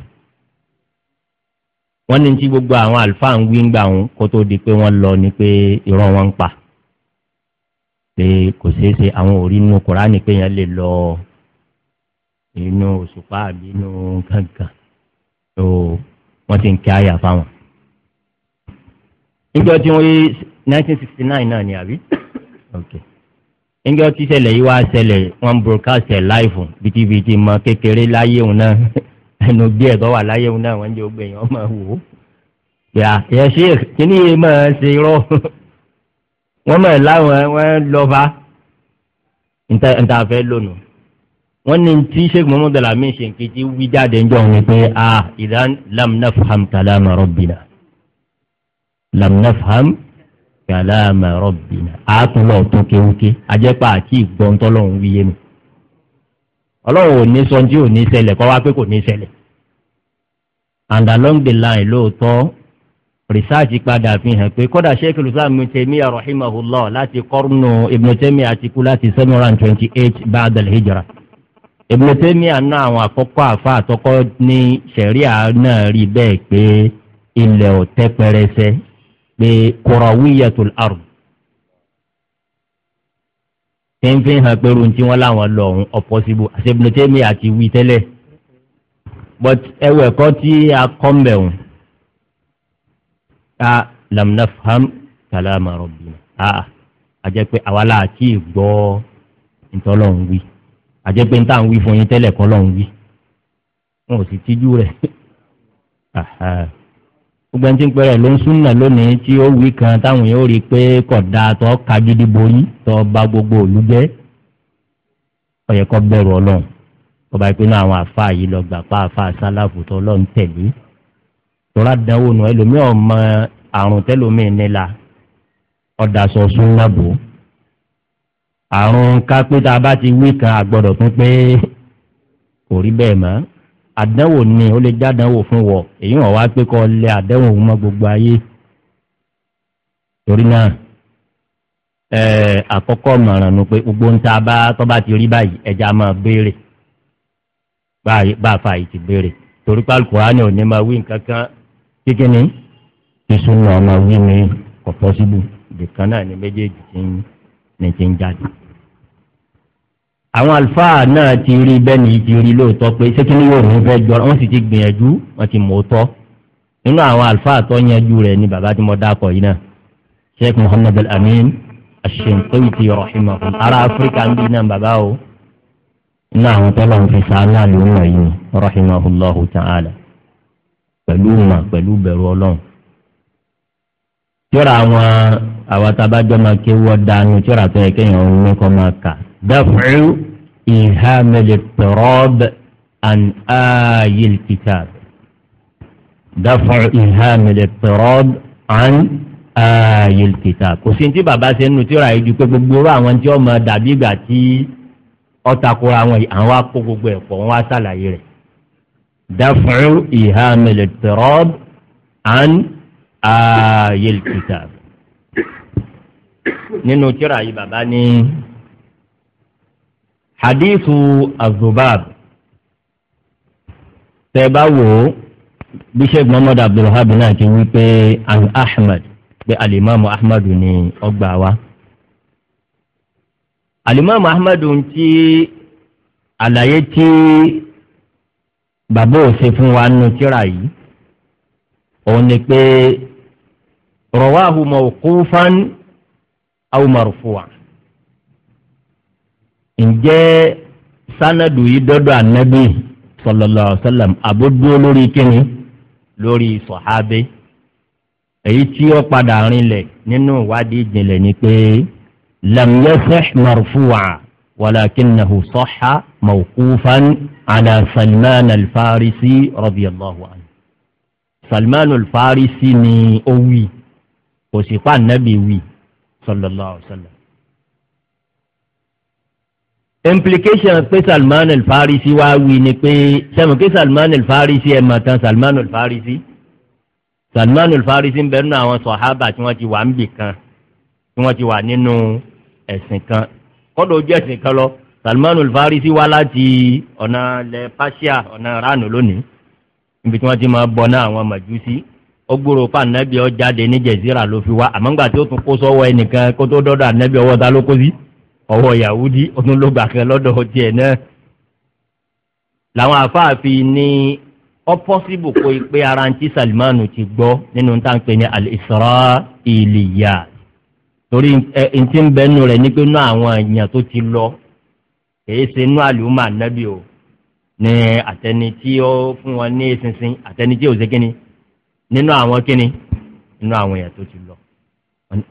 S1: wọ́n ní tí gbogbo àwọn àlùfáà ń wí ń gbà wọn kó tó di pé wọ́n lọ ni pé irọ́ wọn ń pa pé kò ṣeé ṣe àwọn òrí inú kùránì pé yẹn lè lọ inú òṣùpá àbí inú gángan tó wọ́n ti ń kí àyà fáwọn. níjọ́ tí wọ́n rí 1969 náà ni àbí níjọ́ tí ìṣẹ̀lẹ̀ yìí wá ṣẹlẹ̀ wọ́n broadcast ẹ̀ láìfù bíi tv mọ kékeré láyé òun náà ẹnu díẹ̀ tó wà láyé wọn náà wọ́n jẹ́ ogbè yẹn máa wò ó. yà yẹ ṣe kíní yìí máa ṣe irọ́ wọ́n máa láwọn wọ́n lọ bá níta fẹ́ lónìí wọ́n ní tí sheikh muhammad alamin ṣe nkejì wí jáde ń jọ wọn pé a idan lam nafham kalam rabbina lam nafham kalam rabbina a tún lọ tó kéwúké ajẹ́pà àti ìgbọ́ntọ́lọ́hún wíyé mi ọlọ́run ò ní sọ tí ò ní ṣẹlẹ̀ kọ́ wá pé kò ní ṣẹlẹ̀ and along the line lóòótọ́ research padà fi hàn pé kódà sheikh lusam mutemi arahimahullah láti kọ́rùnù ibn temi àti kú láti seven hundred and twenty eight baadal hijra ibn àná àwọn àkọ́kọ́ àfa àtọ́kọ́ ní sẹ̀ríà náà rí bẹ́ẹ̀ pé ilẹ̀ ò tẹ́ pẹrẹsẹ pé kọ̀rọ̀wíyàtul ard tí ń fi hàn pé ohun tí wọ́n láwọn lọ ọ̀hún ọ̀pọ̀sibú àṣebùnútẹ́mì àti wí tẹ́lẹ̀ but ẹwẹ̀ kọ́ tí a kọ́ ń bẹ̀ wọ̀n a lamnafham kalama rabbina a àjẹ́ pé àwa la kí ì gbọ́ ntọ́lọ́ ń wí àjẹ́ pé ntá ń wí fún yín tẹ́lẹ̀ kọ́ lọ́ ń wí wọn ò sì tíjú rẹ̀. gbogbo ẹni tí ń pẹ́rẹ́ ló ń súnà lónìí tí ó wí kan táwọn yóò rí i pé kódà tó ka gidi borí tó bá gbogbo òlu jẹ́ ó yẹ kó bẹ̀rù ọlọ́run tó bá pinnu àwọn àfa yìí lọ gbà pa àfa sálàfù tó ọlọ́run tẹ̀lé tọ́lá dánwò nù ẹlòmíì ọmọ àrùn tẹ́lòmíì nílà ọ̀dàsọ súnà bò àrùn kápẹ́tà bá ti wí kan àgbọ̀dọ̀ tún pé kò rí bẹ́ẹ̀ mọ́. àdánwò ni ó lè jádánwò fún wọ èyí wọn wá pé kọ́ lẹ àdánwò gbogbo ayé torí náà àkọ́kọ́ mọ̀ràn nu pé gbogbo ń ta bá tọ́ bá ti rí báyìí ẹja máa béèrè bá a fa ti béèrè torí pé ìṣúná máa wí ní ìdìkan náà ni méjèèjì àwọn àlùfáà náà ti rí bẹ́ẹ̀ni ti rí lóòótọ́ pé sékìní yóò rún fẹ́ jọ wọ́n sì ti gbìyànjú wọ́n ti mọ̀ ọ́tọ́ nínú àwọn àlùfáà tó yanjú rẹ̀ ni bàbá tí mo dákọ̀ yìí náà sheikh muhammed al-amin ash-shinqiti rahimahullah ará áfíríkà ń bí náà bàbá o nínú àwọn tó lọ́n fi sàánú àlùmọ́ yìí ni rahimahullahu ta'ala pẹ̀lú mà pẹ̀lú bẹ̀rù ọlọ́run tíọ́ra àwọn àwọn tabajọ́ máa kéwọ́ dánú tíọ́ra tó yẹ دفع إيهام الاضطراب عن آي الكتاب دفع إيهام الاضطراب عن آي الكتاب kò sí ti bàbá ṣe ń nu tíra yìí ju pé gbogbo irú àwọn tí ọmọ dàbí ìgbà tí ọtakora àwọn àwọn akó gbogbo ẹ̀kọ́ wọn á ṣàlàyé rẹ̀ دفع إيهام الاضطراب عن آي الكتاب nínú tíra yìí bàbá ní hadithu azubab tẹ bá wò ó bishop muhammad abdulhab náà ti wí pé an ahmed pé alimami ahmed ni ọgbà wa alimami ahmed ti àlàyé tí bàbá ò ṣe fún wa nù tíra yìí òun ni pé rọwáhu mọ̀ọ́kúfán aw ǹjẹ́ sanadu yìí dọ́dọ̀ anabi sallallahu alaihi wasallam àbójúó lórí kíni lórí sọ̀hábé èyí tí ó padà rinlẹ̀ nínú ìwádìí ìjìnlẹ̀ ni pé lam yasih marfu'a walakinahu sahha mawqufan ala salman alfarisi radiyallahu anhu salman alfarisi ni ó wí kò sì pa anabi wí sallallahu alaihi implication pé Salman al-Farisi wá wí ni pé sẹ́mu pé Salman al-Farisi ẹ̀ mà tán Salman al-Farisi Salman al-Farisi ń bẹ nínú àwọn sọ̀hábà tí wọ́n ti wà ń bì kan tí wọ́n ti wà nínú ẹ̀sìn kan kọ́dọ̀ ojú ẹ̀sìn kan lọ Salman al-Farisi wá láti ọ̀nà lẹ Persia ọ̀nà ránù lónìí níbi tí wọ́n ti máa bọ̀ náà àwọn màjúsí ó gbúrò pa ànábì ó jáde ní jẹ̀zíra ló fi wá àmọ́ ńgbà tí ó tún kó sọ́wọ́ ẹnìkan kó tó dọ́dọ̀ ànábì ọwọ́ ló kó sí ọwọ́ yahudi ọdún ló gbà kan lọ́dọ̀ tiẹ̀ náà làwọn afáàfin ní ọpọ́sibù kó pé ara ń tí salimanu ti gbọ́ nínú tá à ń pè ní al-Isra'iliya torí n ti ń bẹnu rẹ̀ ní pé nú àwọn èèyàn tó ti lọ kìí ṣe nú àlùmọ́ ànábì o ní àtẹni tí ó fún wọn ní ìsinsin àtẹni tí ò ṣe kínni nínú àwọn kínni nínú àwọn èèyàn tó ti lọ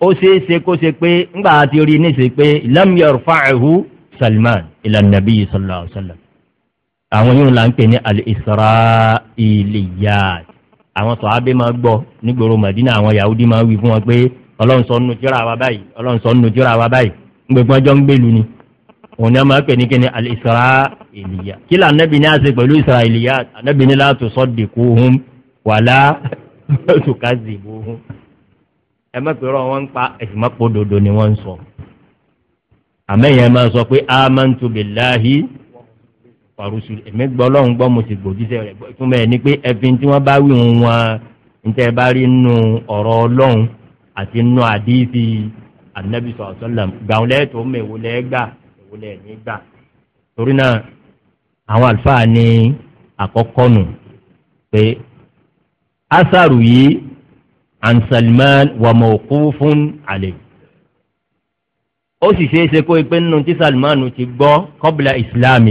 S1: ó ṣeé ṣe kó ṣe pé ńgbà àti rí ní ṣe pé lamiyar fàáhu salman ìlànàbí sallallahu alayhi wa sallam àwọn yóò là ń pè ní al-isra'iliyat àwọn sọ̀hábẹ́ máa gbọ́ nígboro madina àwọn yahudi máa wí fún wọn pé ọlọ́run sọ nù jíra wa báyìí máa pè ní kíni al-isra'iliya kí là nẹ́bi ní àṣẹ pẹ̀lú isra'iliya nẹ́bi ní la tusaddiquhum wala tukazibuhum ẹ má pèrò wọn ń pa ẹsì má pò dodo ni wọn ń sọ àmẹyìn ẹ máa sọ pé amantu billahi farusu èmi gbọ́ ọlọ́run gbọ́ mo sì gbòjíṣẹ́ rẹ̀ gbọ́ ìtumọ̀ ẹ̀ ni pé ẹbí tí wọ́n bá wí wọn wọn níta ẹ bá rí nù ọ̀rọ̀ ọlọ́run àti nù àdìsí anabi sọ̀rọ̀ sọ́làm gbàùn lẹ́ẹ̀tọ́ mọ̀ èwo lẹ́ẹ̀ gbà torí náà àwọn àlùfáà ní àkọ́kọ́ nù pé asaru yìí an salman wa mawqufun alayhi. ó sì ṣeé ṣe kó ipe nínú tí salman ti gbọ́ kọ́bìlà ìsìláàmù